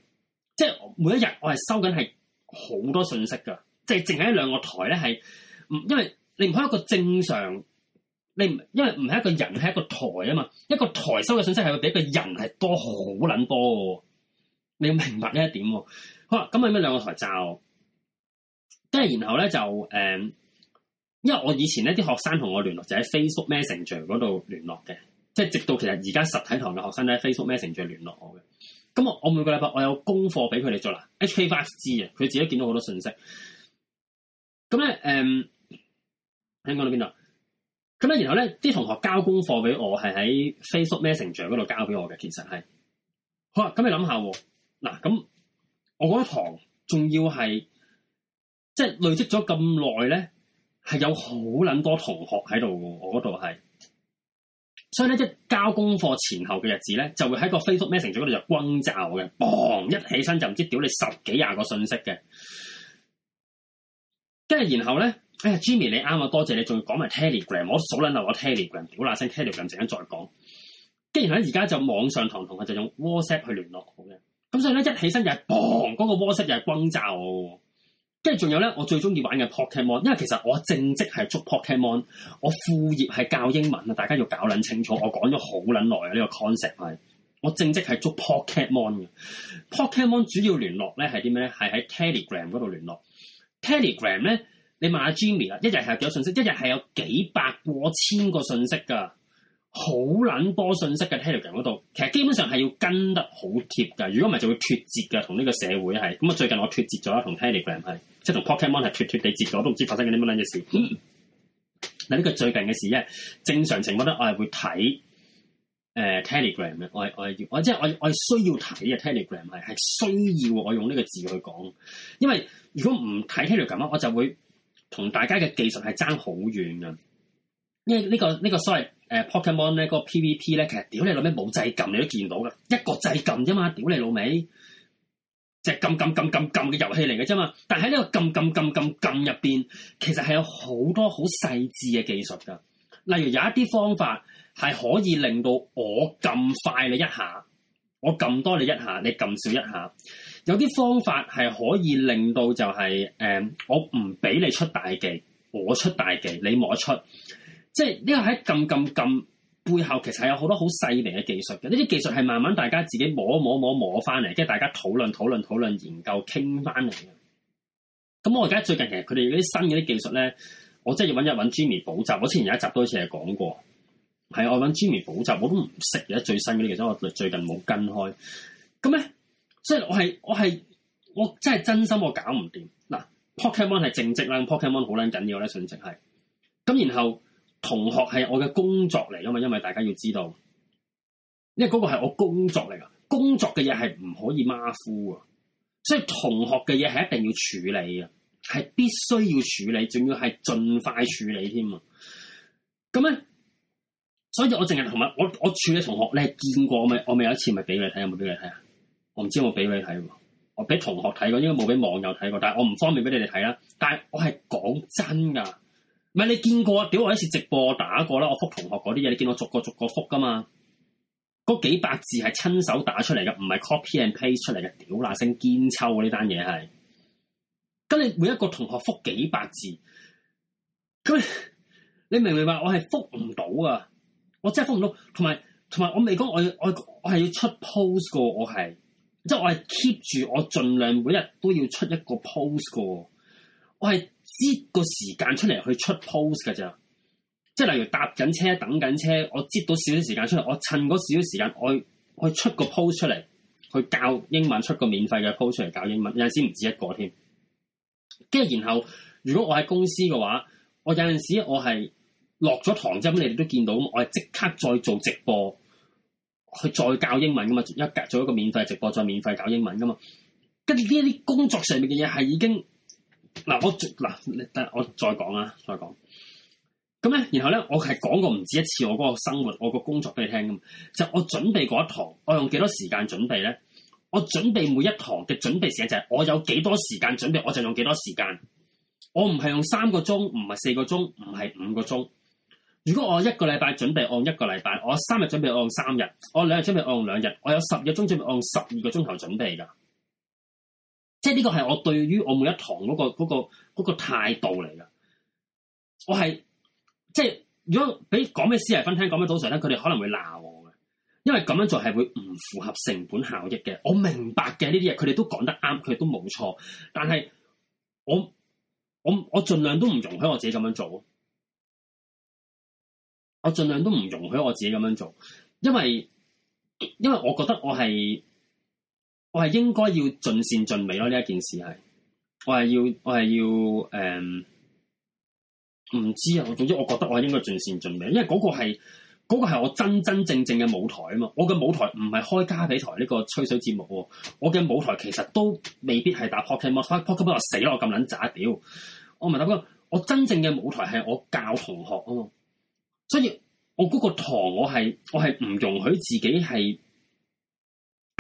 即係每一日我係收緊係好多信息㗎，即係淨係一兩個台咧係唔，因為你唔可以一個正常，你唔因為唔係一個人係一個台啊嘛，一個台收嘅信息係會比一個人係多好撚多。你要明白呢一點。好啦，咁係咩兩個台罩，跟住然後咧就誒、嗯，因為我以前咧啲學生同我聯絡就喺 Facebook Messenger 嗰度聯絡嘅，即係直到其實而家實體堂嘅學生咧、嗯、Facebook Messenger 聯絡我嘅。咁、嗯、我我每個禮拜我有功課俾佢哋做啦，HK f G 啊，佢自己見到好多信息。咁咧誒，聽、嗯、講到邊度？咁、嗯、咧然後咧啲同學交功課俾我係喺 Facebook Messenger 嗰度交俾我嘅，其實係好啦。咁、嗯、你諗下。嗱，咁我嗰堂仲要係即係累積咗咁耐咧，係有好撚多同學喺度喎。我嗰度係，所以咧一交功課前後嘅日子咧，就會喺個 Facebook Messenger 嗰度就轟炸我嘅 bang 一起身就唔知屌你十幾廿個信息嘅。跟住然後咧，誒、哎、Jimmy 你啱啊，多謝你仲要講埋 Telegram，我數撚下我 Telegram，屌嗱聲 Telegram 陣間再講。跟住然後而家就網上堂同學就用 WhatsApp 去聯絡我嘅。咁所以咧一起身就係 bang，嗰個 WhatsApp 就係轟炸，跟住仲有咧我最中意玩嘅 Pokemon、ok、因為其實我正職係捉 Pokemon、ok、我副業係教英文啊！大家要搞撚清楚，我講咗好撚耐啊呢個 concept 係，我正職係捉 Pokemon 嘅，Pokemon 主要聯絡咧係啲咩咧？係喺 Telegram 嗰度聯絡，Telegram 咧你問下 Jimmy 啦，一日係有幾多信息，一日係有幾百過千個信息㗎。好撚波信息嘅 Telegram 嗰度，其實基本上係要跟得好貼㗎。如果唔係就會脱節㗎。同呢個社會係。咁啊，最近我脱節咗同 Telegram 係，即係同 Pokemon 係脱脱地接咗，都唔知發生緊啲乜撚嘅事。嗱、嗯、呢個最近嘅事，因為正常情況咧，我係會睇、呃、Telegram 嘅，我係我係我即係我我係需要睇嘅 Telegram 係，係需要我用呢個字去講，因為如果唔睇 Telegram 咧，我就會同大家嘅技術係爭好遠㗎。因為呢個呢、呢個所謂誒 Pokemon 咧個 PVP 咧，其實屌你老味冇制撳，你都見到噶一個制撳啫嘛！屌你老味，即係撳撳撳撳撳嘅遊戲嚟嘅啫嘛。但喺呢個撳撳撳撳撳入邊，其實係有好多好細緻嘅技術噶。例如有一啲方法係可以令到我撳快你一下，我撳多你一下，你撳少一下。有啲方法係可以令到就係、誒、我唔俾你出大技，我出大技，你冇出。即係呢個喺撳撳撳背後，其實係有好多好細微嘅技術嘅。呢啲技術係慢慢大家自己摸摸摸摸翻嚟，即係大家討論討論討論研究傾翻嚟嘅。咁我而家最近其實佢哋啲新嗰啲技術咧，我真係要揾一揾 Jimmy 補習。我之前有一集都好似係講過，係我揾 Jimmy 補習，我都唔識而家最新嗰啲。其實我最近冇跟開咁咧，所以我係我係我真係真心我搞唔掂嗱。Pokemon 係正直啦，Pokemon 好撚緊要咧，純直係咁，然後。同學係我嘅工作嚟噶嘛？因為大家要知道，因為嗰個係我工作嚟噶，工作嘅嘢係唔可以馬虎啊，所以同學嘅嘢係一定要處理啊，係必須要處理，仲要係盡快處理添啊。咁咧，所以我和，我淨係同埋我，我處理同學，你係見過咪？我咪有一次咪俾你睇，有冇俾你睇啊？我唔知有冇俾你睇喎，我俾同學睇過，應該冇俾網友睇過，但係我唔方便俾你哋睇啦。但係我係講真噶。唔係你見過啊？屌！我一次直播我打過啦，我覆同學嗰啲嘢，你見我逐個逐個覆噶嘛？嗰幾百字係親手打出嚟嘅，唔係 copy and paste 出嚟嘅。屌，那聲，堅抽啊！呢單嘢係，咁你每一個同學覆幾百字，咁你，你明唔明白？我係覆唔到啊！我真係覆唔到。同埋同埋，我未講，我我我係要出 post 個，我係即係我係 keep 住，我盡量每日都要出一個 post 個，我係。接個時間出嚟去出 post 噶咋，即係例如搭緊車等緊車，我接到少少時間出嚟，我趁嗰少少時間，我去出個 post 出嚟去教英文，出個免費嘅 post 出嚟教英文，有陣時唔止一個添。跟住然後，如果我喺公司嘅話，我有陣時我係落咗堂，咁你哋都見到，我係即刻再做直播，去再教英文噶嘛，一做一個免費直播，再免費教英文噶嘛。跟住呢啲工作上面嘅嘢係已經。嗱，我嗱，但係我再講啊再講。咁咧，然後咧，我係講過唔止一次我嗰個生活，我個工作俾你聽噶嘛。就是我準備嗰一堂，我用幾多時間準備咧？我準備每一堂嘅準備時間就係我有幾多時間準備，我就用幾多時間。我唔係用三個鐘，唔係四個鐘，唔係五個鐘。如果我一個禮拜準備按一個禮拜，我三日準備按三日，我兩日準備按兩日，我有十二鐘準備按十二個鐘頭準備噶。即係呢個係我對於我每一堂嗰個嗰個嗰個態度嚟噶，我係即係如果俾講咩私人分聽，講咩早上咧，佢哋可能會鬧我嘅，因為咁樣做係會唔符合成本效益嘅。我明白嘅呢啲嘢，佢哋都講得啱，佢哋都冇錯，但係我我我儘量都唔容許我自己咁樣做，我儘量都唔容許我自己咁樣做，因為因為我覺得我係。我係應該要盡善盡美咯，呢一件事係，我係要我係要，誒，唔知啊，我總之我覺得我應該盡善盡美，因為嗰個係嗰個係我真真正正嘅舞台啊嘛，我嘅舞台唔係開加比台呢個吹水節目喎，我嘅舞台其實都未必係打 Pokemon，Pokemon 死咯，我咁撚渣，屌，我咪打過，我真正嘅舞台係我教同學啊嘛，所以我嗰個堂我係我係唔容許自己係。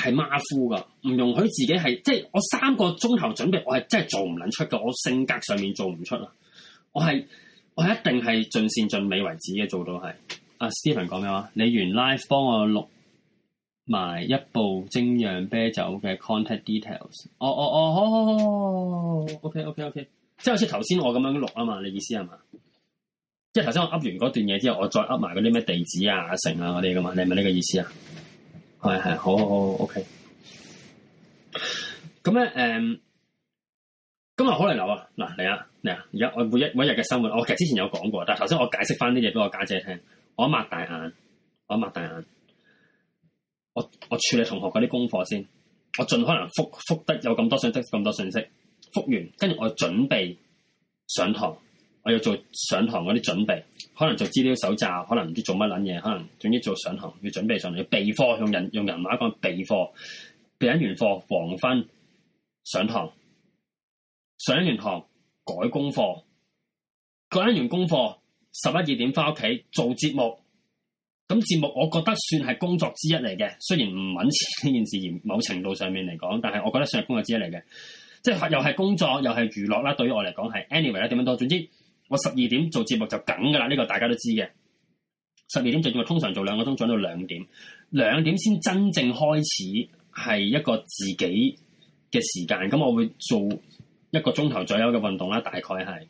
係馬虎噶，唔容許自己係即係我三個鐘頭準備，我係真係做唔撚出噶，我性格上面做唔出喇！我係我係一定係盡善盡美為止嘅，做到係。阿 Stephen 講咩話？你完 live 幫我錄埋一步精釀啤酒嘅 contact details。哦哦哦，好，好，好，OK，OK，OK。即係好似頭先我咁樣錄啊嘛，你意思係嘛？即係頭先我噏完嗰段嘢之後，我再噏埋嗰啲咩地址啊、阿成啊嗰啲噶嘛？你係咪呢個意思啊？係係，好好好 OK。咁咧，誒、嗯，今日好嚟留啊！嗱，嚟啊嚟啊！而家我每一每一日嘅生活，我其實之前有講過，但頭先我解釋翻啲嘢俾我家姐聽。我擘大眼，我擘大眼，我我處理同學嗰啲功課先，我盡可能覆覆得有咁多信息，咁多信息覆完，跟住我準備上堂。我要做上堂嗰啲準備，可能做資料搜集，可能唔知做乜撚嘢，可能總之做上堂要準備上堂備課，用人用人話講備課，備完完課，黃昏上堂，上完堂改功課，改完功改完功課，十一二點翻屋企做節目。咁節目我覺得算係工作之一嚟嘅，雖然唔揾錢呢件事，某程度上面嚟講，但係我覺得算係工作之一嚟嘅，即係又係工作又係娛樂啦。對於我嚟講係 anyway 啦，點樣都好總之。我十二點做節目就梗噶啦，呢個大家都知嘅。十二點做節目通常做兩個鐘，上到兩點，兩點先真正開始係一個自己嘅時間。咁我會做一個鐘頭左右嘅運動啦，大概係。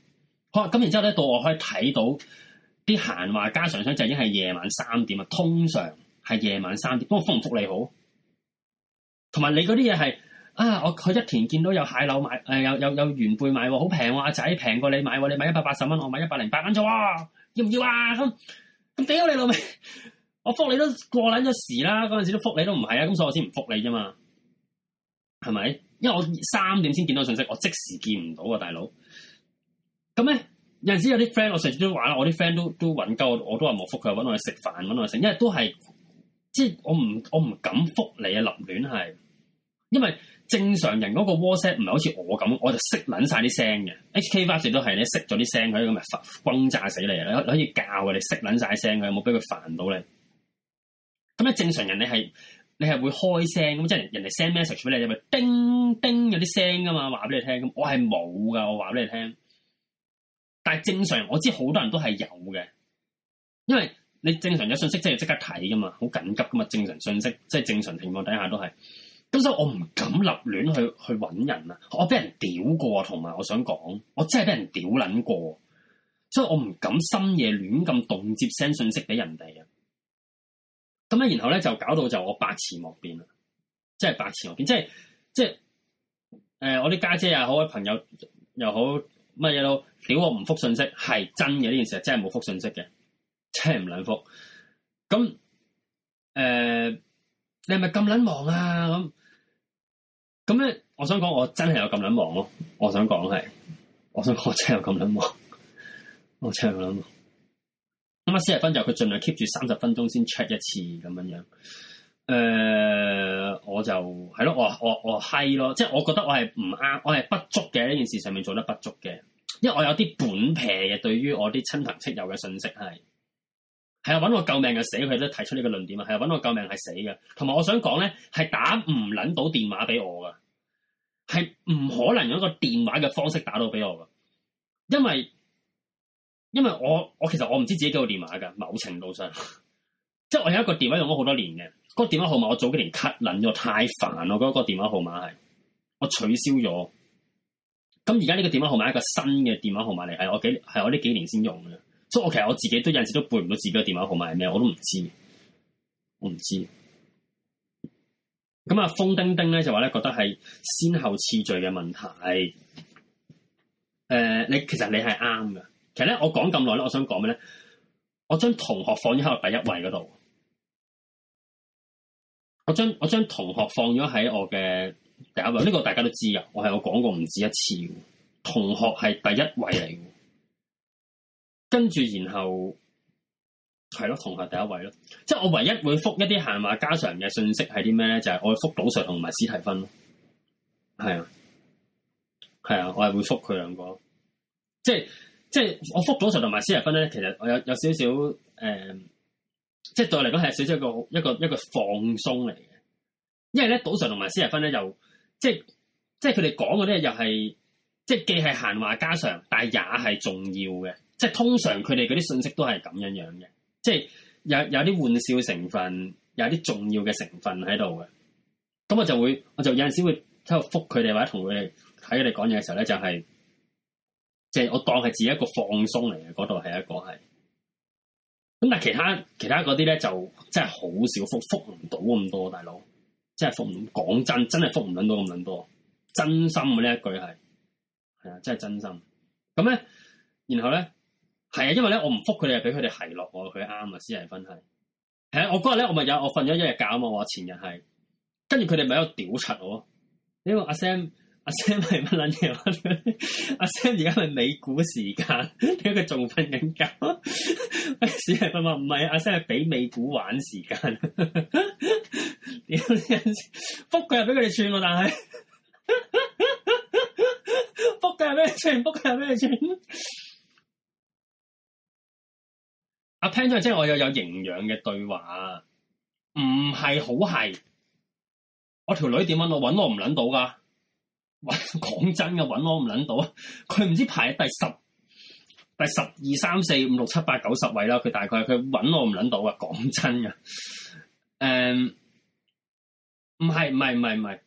好，咁然之後咧，到我可以睇到啲閒話家常，想就已經係夜晚三點啊。通常係夜晚三點，三點覆不過覆唔覆你好，同埋你嗰啲嘢係。啊！我佢一田見到有蟹柳賣，誒、呃、有有有原貝賣，好平喎，阿仔平過你買喎，你買一百八十蚊，我買一百零八蚊啫喎，要唔要啊？咁咁咗你老味，我覆你都過撚咗時啦，嗰陣時都覆你都唔係啊，咁所以我先唔覆你啫嘛，係咪？因為我三點先見到信息，我即時見唔到啊，大佬。咁咧有陣時有啲 friend，我成日都玩啦，我啲 friend 都都揾鳩我，我都話冇覆佢，揾我食飯，揾我食，因為都係即我唔我唔敢覆你啊，林暖係，因為。正常人嗰個 WhatsApp 唔係好似我咁，我就熄撚晒啲聲嘅。HK 巴士都係咧熄咗啲聲佢咁咪轟炸死你啊！你可以教佢哋熄撚晒啲聲嘅，有冇俾佢煩到你？咁咧正常人是你係你係會開聲咁，即係人哋 send message 俾你，咪叮叮，叮，叮有啲聲噶嘛，話俾你聽。我係冇噶，我話俾你聽。但係正常人，我知好多人都係有嘅，因為你正常有信息即係即刻睇噶嘛，好緊急噶嘛。正常信息即係正常情況底下都係。咁所以我唔敢立亂去去搵人啊！我俾人屌過，同埋我想講，我真係俾人屌捻過，所以我唔敢深夜亂咁凍接聲信息俾人哋啊！咁咧，然後咧就搞到就我百詞莫辯啦，即係百詞莫辯，即係即係誒，我啲家姐啊，好嘅朋友又好乜嘢，都屌我唔覆信息係真嘅呢件事，真係冇覆信息嘅，真係唔兩覆。咁誒。呃你係咪咁捻忙啊？咁咁咧，我想講，我真係有咁捻忙咯。我想講係，我想講我真係有咁捻忙，我真係有咁捻忙。咁啊，四十分就佢盡量 keep 住三十分鐘先 check 一次咁樣樣。誒、呃，我就係咯，我我我閪咯，即係我覺得我係唔啱，我係不足嘅呢件事上面做得不足嘅，因為我有啲本皮嘅對於我啲親朋戚友嘅信息係。係啊，揾我救命又死，佢都提出呢個論點啊。係啊，揾我救命係死嘅。同埋，我想講咧，係打唔捻到電話俾我噶，係唔可能用一個電話嘅方式打到俾我噶。因為，因為我我其實我唔知自己幾個電話噶。某程度上，即係、就是、我有一個電話用咗好多年嘅，個電話號碼我早幾年 cut 捻咗，太煩咯，嗰、個電話號碼係我取消咗。咁而家呢個電話號碼係一個新嘅電話號碼嚟，係我幾係我呢幾年先用嘅。所以我其實我自己都有陣時都背唔到自己嘅電話號碼係咩，我都唔知，我唔知。咁啊，風丁丁咧就話咧覺得係先後次序嘅問題。誒、呃，你其實你係啱㗎。其實咧，我講咁耐咧，我想講咩咧？我將同學放咗喺我第一位嗰度。我將我將同學放咗喺我嘅第一位，呢、這個大家都知㗎。我係我講過唔止一次，同學係第一位嚟。跟住，然後係咯，同學第一位咯，即係我唯一會覆一啲閒話家常嘅信息係啲咩咧？就係、是、我會覆賭神同埋史提芬咯，係啊，係啊，我係會覆佢兩個，即係即係我覆賭神同埋史提芬咧，其實我有有少少誒、呃，即係對我嚟講係少少一個一個一個放鬆嚟嘅，因為咧賭神同埋史提芬咧又即係即係佢哋講嗰啲又係即係既係閒話家常，但係也係重要嘅。即係通常佢哋嗰啲信息都係咁樣樣嘅，即係有有啲玩笑成分，有啲重要嘅成分喺度嘅。咁我就會，我就有陣時會喺度覆佢哋或者同佢哋睇佢哋講嘢嘅時候咧，就係即係我當係自己一個放鬆嚟嘅，嗰度係一個係。咁但係其他其他嗰啲咧就真係好少覆，覆唔到咁多大佬，真係覆唔，講真真係覆唔撚到咁撚多，真心嘅呢一句係係啊，真係真心。咁咧，然後咧。係啊，因為咧我唔覆佢哋，俾佢哋奚落我，佢啱啊！私人分享。係啊，我嗰日咧，我咪有我瞓咗一日覺啊嘛，我前日係，跟住佢哋咪喺度屌柒我。你話阿 sam 阿 sam 係乜撚嘢？阿 sam 而家咪美股時間，點解佢仲瞓緊覺？私人分話，唔係阿 sam 係俾美股玩時間。點解覆佢又俾佢哋串？但係覆佢係咩串，覆佢係咩串。我聽咗即係我又有營養嘅對話，唔係好係。我條女點啊？我揾我唔撚到噶。講真嘅，揾我唔撚到。佢唔知排喺第十、第十二、三四五六七八九十位啦。佢大概佢揾我唔撚到啊！講真嘅，誒唔係唔係唔係唔係，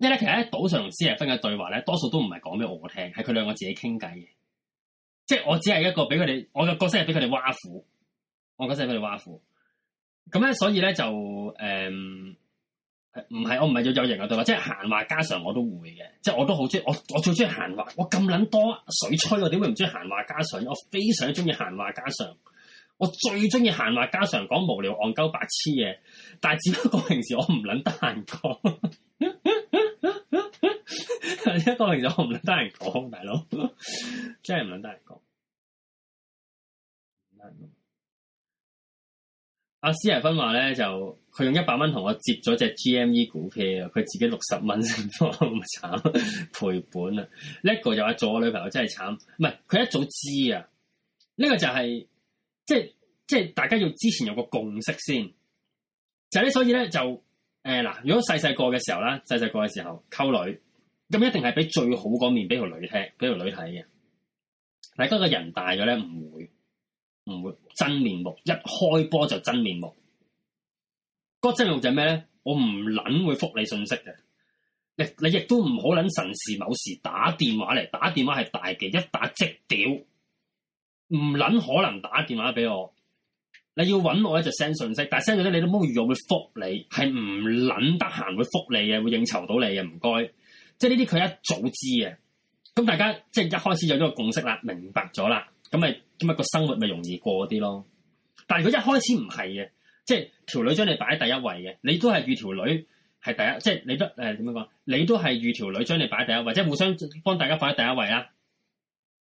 因為其實喺島上同師啊分嘅對話咧，多數都唔係講俾我聽，係佢兩個自己傾偈嘅。即係我只係一個俾佢哋，我嘅角色係俾佢哋挖苦，我嘅角色係俾佢哋挖苦。咁咧，所以咧就誒，唔、嗯、係我唔係做有型嘅對白，即係閒話家常我都會嘅，即係我都好中意，我我最中意閒話，我咁撚多水吹，我點會唔中意閒話家常？我非常中意閒話家常。我最中意閒話家常，講無聊戇鳩白痴嘢，但係只不過平時我唔捻得閒講，只不過平時我唔捻得閒講，大佬真係唔捻得閒講。阿施賢芬話咧就，佢用一百蚊同我接咗隻 GME 股票，佢自己六十蚊先放，咁慘賠本啊！呢個又話做我女朋友真係慘，唔係佢一早知啊，呢個就係。即係即係，大家要之前有個共識先。就所以咧就誒嗱、呃，如果細細個嘅時候啦，細細個嘅時候溝女，咁一定係俾最好嗰面俾條女聽，俾條女睇嘅。但係個人大咗咧，唔會唔會真面目，一開波就真面目。嗰、嗰個、真面目就係咩咧？我唔捻會復你信息嘅。你你亦都唔好捻神時某時，打電話嚟，打電話係大忌，一打即屌。唔捻可能打電話俾我，你要揾我咧就 send 信息，但係 send 咗咧你都冇預約會復你，係唔捻得閒會復你嘅，會應酬到你嘅，唔該。即係呢啲佢一早知嘅。咁大家即係一開始有呢個共識啦，明白咗啦，咁咪咁咪個生活咪容易過啲咯。但係佢一開始唔係嘅，即係條女將你擺喺第一位嘅，你都係預條女係第一，即係你都誒點樣講？你都係預條女將你擺第一位，即係互相幫大家擺喺第一位呀。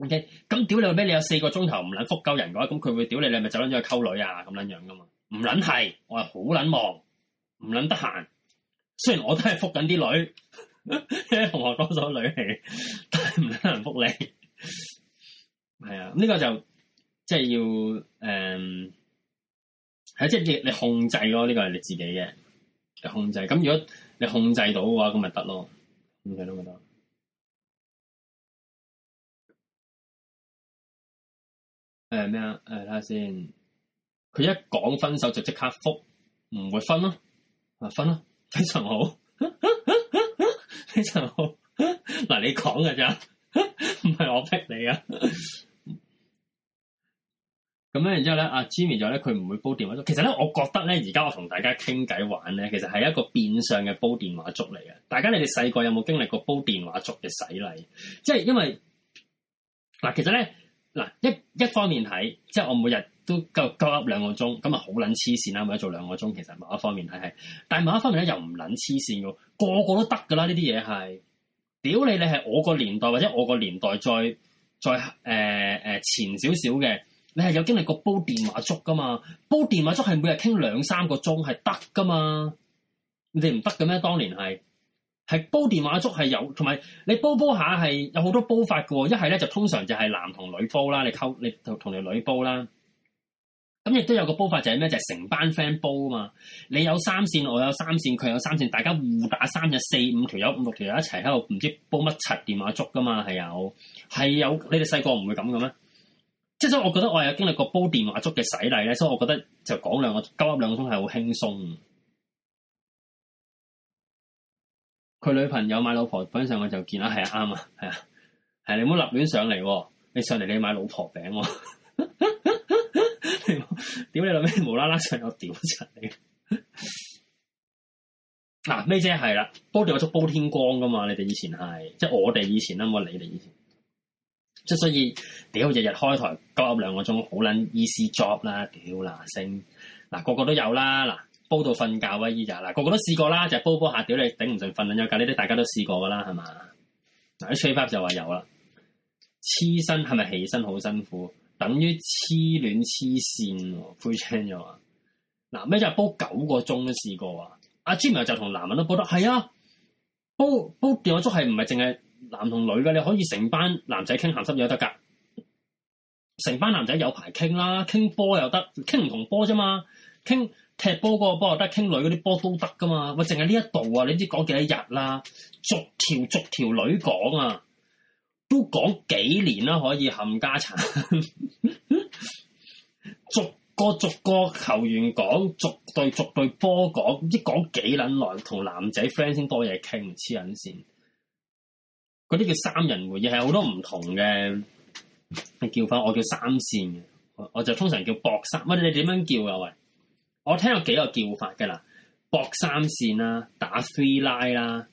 O.K. 咁屌你咩？你有四個鐘頭唔捻覆鳩人嘅話，咁佢會屌你，你咪走捻咗去溝女啊？咁捻樣噶嘛？唔捻係，我係好捻忙，唔捻得閒。雖然我都係覆緊啲女， 同學多咗女，但係唔捻得閒覆你。係 啊，咁呢個就即係、就是、要誒，係即係你你控制咯，呢、這個係你自己嘅控制。咁如果你控制到嘅話，咁咪得咯，咁咪得。誒咩啊？誒睇下先，佢一講分手就即刻覆，唔會分咯、啊，分啊分咯，非常好，哈哈哈哈非常好，嗱、啊、你講嘅咋，唔、啊、係我逼你呵呵啊。咁樣然之後咧，阿 Jimmy 就咧佢唔會煲電話粥。其實咧，我覺得咧，而家我同大家傾偈玩咧，其實係一個變相嘅煲電話粥嚟嘅。大家你哋細個有冇經歷過煲電話粥嘅洗禮？即係因為嗱，其實咧。嗱一一方面睇，即係我每日都夠夠 up 兩個鐘，咁啊好撚黐線啦！或者做兩個鐘，其實某一方面睇係，但某一方面咧又唔撚黐線嘅，個個都得㗎啦！呢啲嘢係，屌你！你係我個年代或者我個年代再再誒誒、呃、前少少嘅，你係有經歷過煲電話粥㗎嘛？煲電話粥係每日傾兩三個鐘係得㗎嘛？你哋唔得嘅咩？當年係。係煲電話粥係有，同埋你煲煲下係有好多煲法噶喎。一係咧就通常就係男同女煲啦，你溝你同同條女煲啦。咁亦都有個煲法就係咩？就係成班 friend 煲啊嘛。你有三線，我有三線，佢有三線，大家互打三隻四五條友、五六條友一齊喺度唔知煲乜柒電話粥噶嘛？係有係有，你哋細個唔會咁嘅咩？即係所以，我覺得我有經歷過煲電話粥嘅洗禮咧，所以我覺得就講兩個鳩噏兩個鐘係好輕鬆的。佢女朋友買老婆餅，上我就見啦，係啊啱啊，係啊係、啊、你唔好立亂上嚟、啊，你上嚟你買老婆餅、啊，屌 你老味無啦啦上我屌柒你、啊？嗱，咩啫係啦，煲電話粥煲天光噶嘛，你哋以前係，即、就、係、是、我哋以前啦，嘛。你哋以前，即係所以屌日日開台交兩個鐘，好捻 easy job 啦，屌嗱，聲、啊、嗱個個都有啦嗱。啊煲到瞓覺啊！依家嗱，個個都試過啦，就係、是、煲煲下屌，屌你頂唔順，瞓緊咗㗎。呢啲大家都試過㗎啦，係嘛？嗱，H J Bob 就話有啦，黐身係咪起身好辛苦？等於黐卵黐線喎，灰青咗啊！嗱，咩就煲九個鐘都試過啊？阿 Jimmy 就同男人都煲得係啊，煲煲電話粥係唔係淨係男同女㗎？你可以成班男仔傾鹹濕嘢得㗎，成班男仔有排傾啦，傾波又得，傾唔同波啫嘛，傾。踢波嗰個波，得傾女嗰啲波都得噶嘛？喂淨係呢一度啊，你知講幾多日啦、啊？逐條逐條女講啊，都講幾年啦？可以冚家鏟呵呵。逐個逐個球員講，逐隊逐隊波講，唔知講幾捻耐？同男仔 friend 先多嘢傾黐捻線，嗰啲叫三人會議，又係好多唔同嘅。你叫翻我叫三線嘅，我就通常叫博三。乜你點樣叫噶、啊、喂？我聽過幾個叫法嘅啦，博三線啦，打 three line 啦，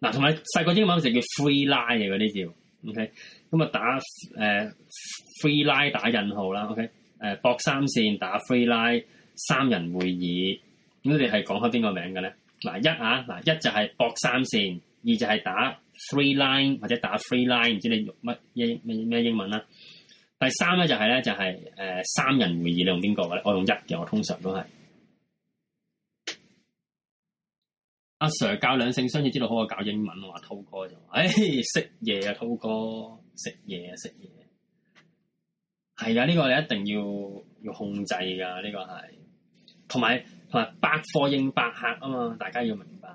嗱同埋細個英文成日叫 free line 嘅嗰啲叫，OK，咁啊打、呃、free line 打引號啦，OK，博三線打 free line 三人會議，咁你哋係講開邊個名嘅咧？嗱一啊，嗱一就係博三線，二就係打 three line 或者打 free line，唔知你用乜英咩咩英文啦。第三咧就係、是、咧就係、是呃、三人會議你用邊個咧？我用一嘅，我通常都係。阿 Sir 教兩性相處之道好過教英文，濤哥就話，誒，食嘢啊，濤哥食嘢啊，食嘢。係啊，呢個你一定要要控制噶呢個係同埋同埋百貨應百客啊嘛，大家要明白。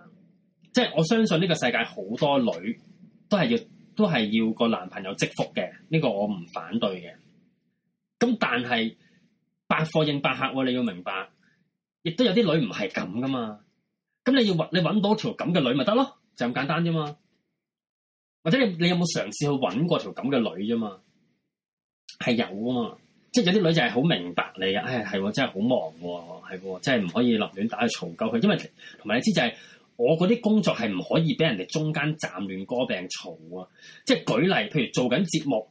即係我相信呢個世界好多女都係要都係要個男朋友積福嘅，呢個我唔反對嘅。咁但係百貨應百客啊，你要明白，亦都有啲女唔係咁噶嘛。咁你要你揾到條咁嘅女咪得咯，就咁簡單啫嘛。或者你你有冇嘗試去搵過條咁嘅女啫嘛？係有啊嘛，即係有啲女仔就係好明白你，唉係真係好忙，係係真係唔可以立亂打去嘈鳩佢。因為同埋你知就係、是、我嗰啲工作係唔可以俾人哋中間站亂哥病嘈啊。即係舉例，譬如做緊節目，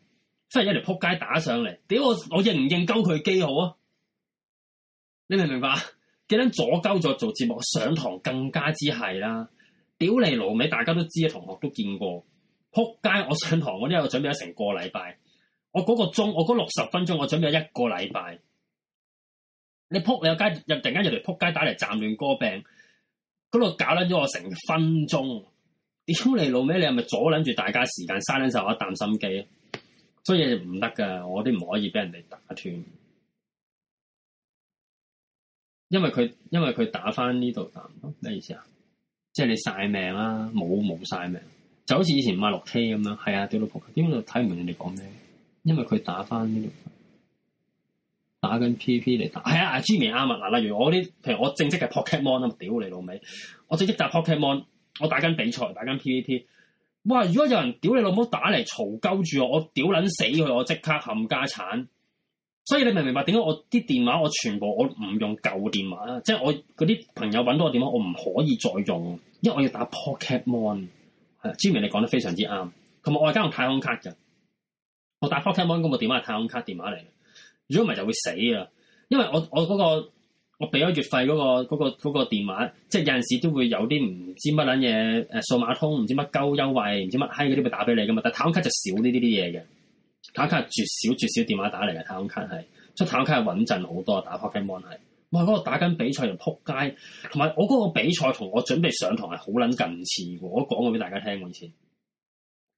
忽然一條撲街打上嚟，屌我我認唔認鳩佢幾好啊？你明唔明白？幾捻阻鳩咗做節目，我上堂更加之係啦！屌你老味，大家都知，同學都見過扑街。我上堂嗰啲我準備咗成個禮拜，我嗰個鐘，我嗰六十分鐘，我準備咗一個禮拜。你扑你個街，又突然間入嚟扑街打嚟，斬亂歌柄。嗰度搞捻咗我成分鐘。屌你老味，你係咪阻捻住大家時間，嘥捻晒我一啖心機？所以唔得㗎，我啲唔可以俾人哋打斷。因為佢因為佢打翻呢度，咩意思啊？即係你晒命啦，冇冇晒命，就好似以前買六 K 咁樣。係啊，屌你仆街，點解我睇唔明你哋講咩？因為佢打翻呢度，打緊 PVP 嚟打。係啊，Jimmy 啱啊，嗱、啊，例如我啲，譬如我正式嘅 Pokemon 啊，屌你老味，我正式打 Pokemon，我打緊比賽，打緊 PVP，哇！如果有人屌你老母打嚟嘈鳩住我，我屌捻死佢，我即刻冚家產。所以你明唔明白點解我啲電話，我全部我唔用舊電話啊？即係我嗰啲朋友揾到我電話我唔可以再用，因為我要打 Pocket One。係，Jimmy 你講得非常之啱，同埋我而家用太空卡嘅，我打 Pocket One 嗰個電話係太空卡電話嚟。如果唔係就會死啊！因為我我嗰個我俾咗月費嗰個嗰個嗰個電話，即係有陣時都會有啲唔知乜捻嘢誒，數碼通唔知乜鳩優惠，唔知乜閪嗰啲會打俾你噶嘛？但太空卡就少呢啲啲嘢嘅。太空卡係絕少絕少電話打嚟嘅，太空卡係，即係太空卡係穩陣好多。打 Pokemon 係，哇嗰、嗰個打緊比賽又仆街，同埋我嗰個比賽同我準備上堂係好撚近似嘅，我講過俾大家聽喎，以前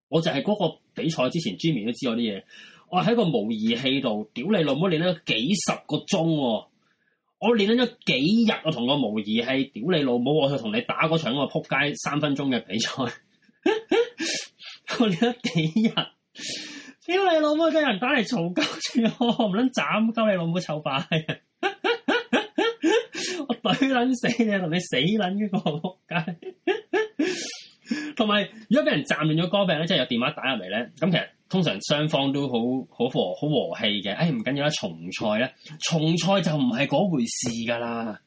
我就係嗰個比賽之前，Jimmy 都知我啲嘢，我喺個模擬器度，屌你老母練咗幾十個鐘喎，我練咗幾日，我同個模擬器屌你老母，我同你打嗰場我仆街三分鐘嘅比賽， 我練咗幾日。屌你老母，俾人打嚟嘈交住我，唔撚斬鳩你老母臭快！ 我抵撚死你，同你死撚呢個仆街。同 埋如果俾人斬亂咗歌病，咧，即係有電話打入嚟咧，咁其實通常雙方都好好和好和氣嘅。哎，唔緊要啦，重賽啦，重賽就唔係嗰回事噶啦。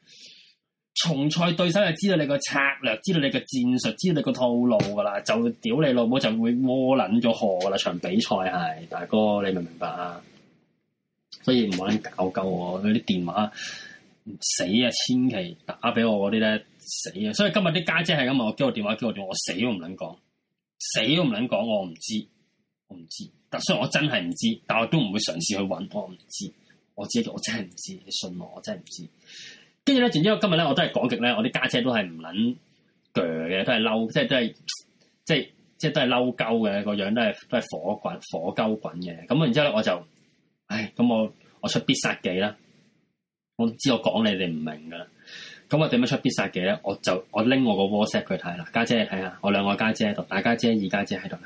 重賽對手就知道你個策略，知道你個戰術，知道你個套路噶啦，就屌你老母，就會窩捻咗河噶啦！場比賽係大哥，你明唔明白啊？所以唔好搞鳩我嗰啲電話，死啊！千祈打俾我嗰啲咧死啊！所以今日啲家姐係咁問我，叫我電話，叫我電話，我死都唔捻講，死都唔捻講，我唔知，我唔知。但雖然我真係唔知，但我都唔會嘗試去搵，我唔知，我知我真係唔知，你信我，我真係唔知。跟住咧，然之後今日咧，我都係講極咧，我啲家姐都係唔撚鋸嘅，都係嬲，即係都係即係即係都係嬲鳩嘅，個樣都係都係火滾火鳩滾嘅。咁然之後咧，我就，唉，咁我我出必殺技啦。我知我講你哋唔明噶啦，咁我點樣出必殺技咧？我就我拎我個 WhatsApp 佢睇啦，家姐你睇下，我兩個家姐喺度，大家姐二家姐喺度，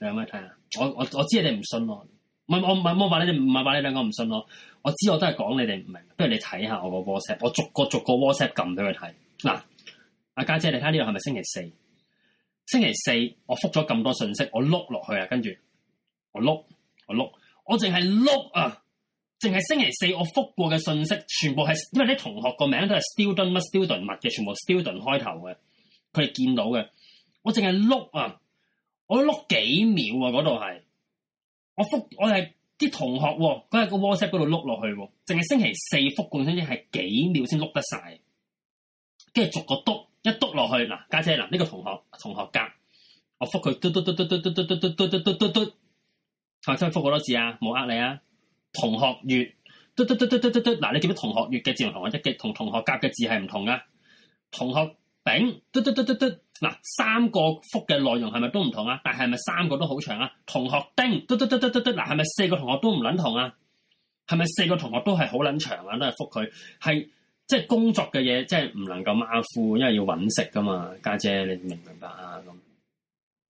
你有咩睇啊？我我我知你哋唔信我。唔係，我唔係，魔法你哋，魔法你哋，我唔信咯。我知我都係講你哋唔明，不如你睇下我個 WhatsApp，我逐個逐個 WhatsApp 撳俾佢睇。嗱，阿家姐，你睇呢度係咪星期四？星期四，我覆咗咁多信息，我碌落去啊，跟住我碌，我碌，我淨係碌啊，淨係星期四我覆過嘅信息全，全部係因為啲同學個名都係 student 乜 student 乜嘅，全部 student 開頭嘅，佢哋見到嘅，我淨係碌啊，我碌幾秒啊，嗰度係。我覆我哋係啲同學，佢喺個 WhatsApp 嗰度碌落去，淨係星期四复冠先至係幾秒先碌得晒，跟住逐個督，一督落去。嗱，家姐嗱呢個同學同學夾，我覆佢嘟嘟嘟嘟嘟嘟嘟嘟嘟嘟嘟嘟嘟，睇下真係覆好多字啊，冇呃你啊。同學月嘟嘟嘟嘟嘟嘟，嗱你見到同學月嘅字同我一嘅同同學夾嘅字係唔同啊，同學。丙，嘟嘟嘟嘟嘟，嗱三個覆嘅內容係咪都唔同啊？但係咪三個都好長啊？同學叮疊疊，嘟嘟嘟嘟嘟嘟，嗱係咪四個同學都唔撚同啊？係咪四個同學都係好撚長啊？都係覆佢，係即係工作嘅嘢，即係唔能夠馬虎，因為要揾食噶嘛，家姐，你明唔明白啊？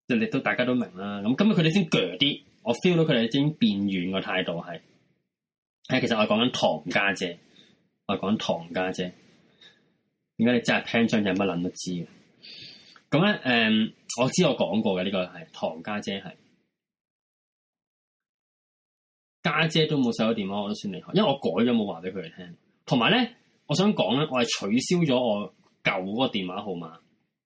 咁你都大家都明啦，咁今日佢哋先鋸啲，我 feel 到佢哋已經變軟，個態度係，係其實我講緊唐家姐，我講緊唐家姐。點解你真係聽張有乜撚都知嘅？咁咧，誒，我知我講過嘅呢個係唐家姐，係家姐都冇收到電話我都算你，因為我改咗冇話俾佢哋聽。同埋咧，我想講咧，我係取消咗我舊嗰個電話號碼，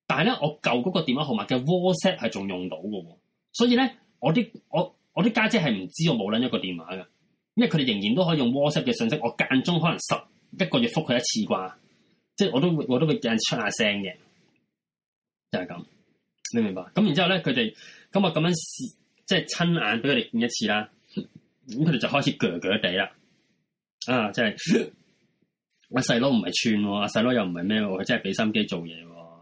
但係咧，我舊嗰個電話號碼嘅 WhatsApp 係仲用到喎。所以咧，我啲我我啲家姐係唔知我冇撚一個電話㗎，因為佢哋仍然都可以用 WhatsApp 嘅信息，我間中可能十一個月覆佢一次啩。即係我都會，我都會叫人出下聲嘅，就係、是、咁，你明唔明白？咁然之後呢，佢哋咁我咁樣試，即係親眼俾佢哋見一次啦。咁佢哋就開始鋸鋸地啦。啊，即係我細佬唔係串喎、啊，阿細佬又唔係咩喎，佢真係俾心機做嘢喎、啊。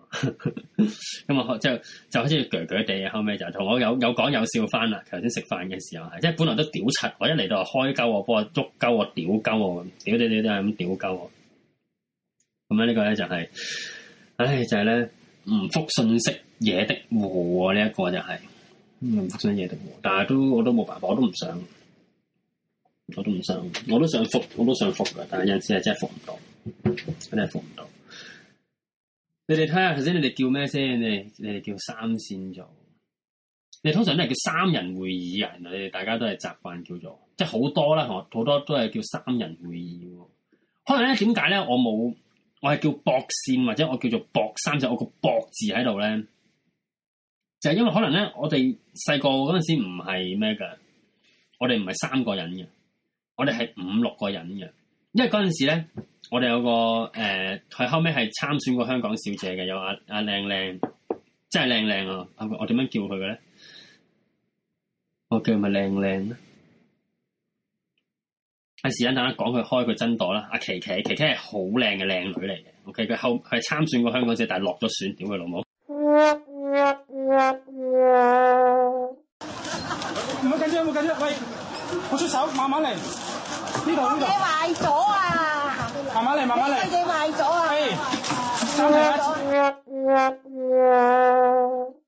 咁我即係就開始鋸鋸地，後尾就同我有有講有笑返啦。頭先食飯嘅時候係，即係本來都屌柒，我一嚟到就開鳩我，幫我捉鳩我捉，屌鳩屌屌屌係咁屌鳩我。咁呢個咧，就係、是，唉，就係咧，唔覆信息惹的禍，呢一個就係、是、唔覆信息惹的禍。但係都我都冇辦法，我都唔想，我都唔想，我都想覆，我都想覆噶。但係有陣時係真係覆唔到，真係覆唔到。你哋睇下頭先，你哋叫咩先？你你哋叫三線咗，你通常都係叫三人會議啊。你哋大家都係習慣叫做即係好多啦，好多都係叫三人會議。可能咧，點解咧？我冇。我係叫博扇，或者我叫做博三的博，就我個博字喺度咧，就係因為可能咧，我哋細個嗰陣時唔係咩噶我哋唔係三個人嘅，我哋係五六個人嘅，因為嗰陣時咧，我哋有個誒，佢、呃、後尾係參選過香港小姐嘅，有阿阿靚靚，真係靚靚啊！我點樣叫佢嘅咧？我叫佢咪靚靚啦。係時間等一講佢開個真朵啦，阿琪琪，琪琪係好靚嘅靚女嚟嘅，OK，佢後係參選過香港姐，但係落咗選，屌佢老母！唔好緊張，唔好緊張，喂，我出手，慢慢嚟，呢度呢度，你壞咗啊，慢慢！慢慢嚟，慢慢嚟，你壞咗啊！哎，收聲啊！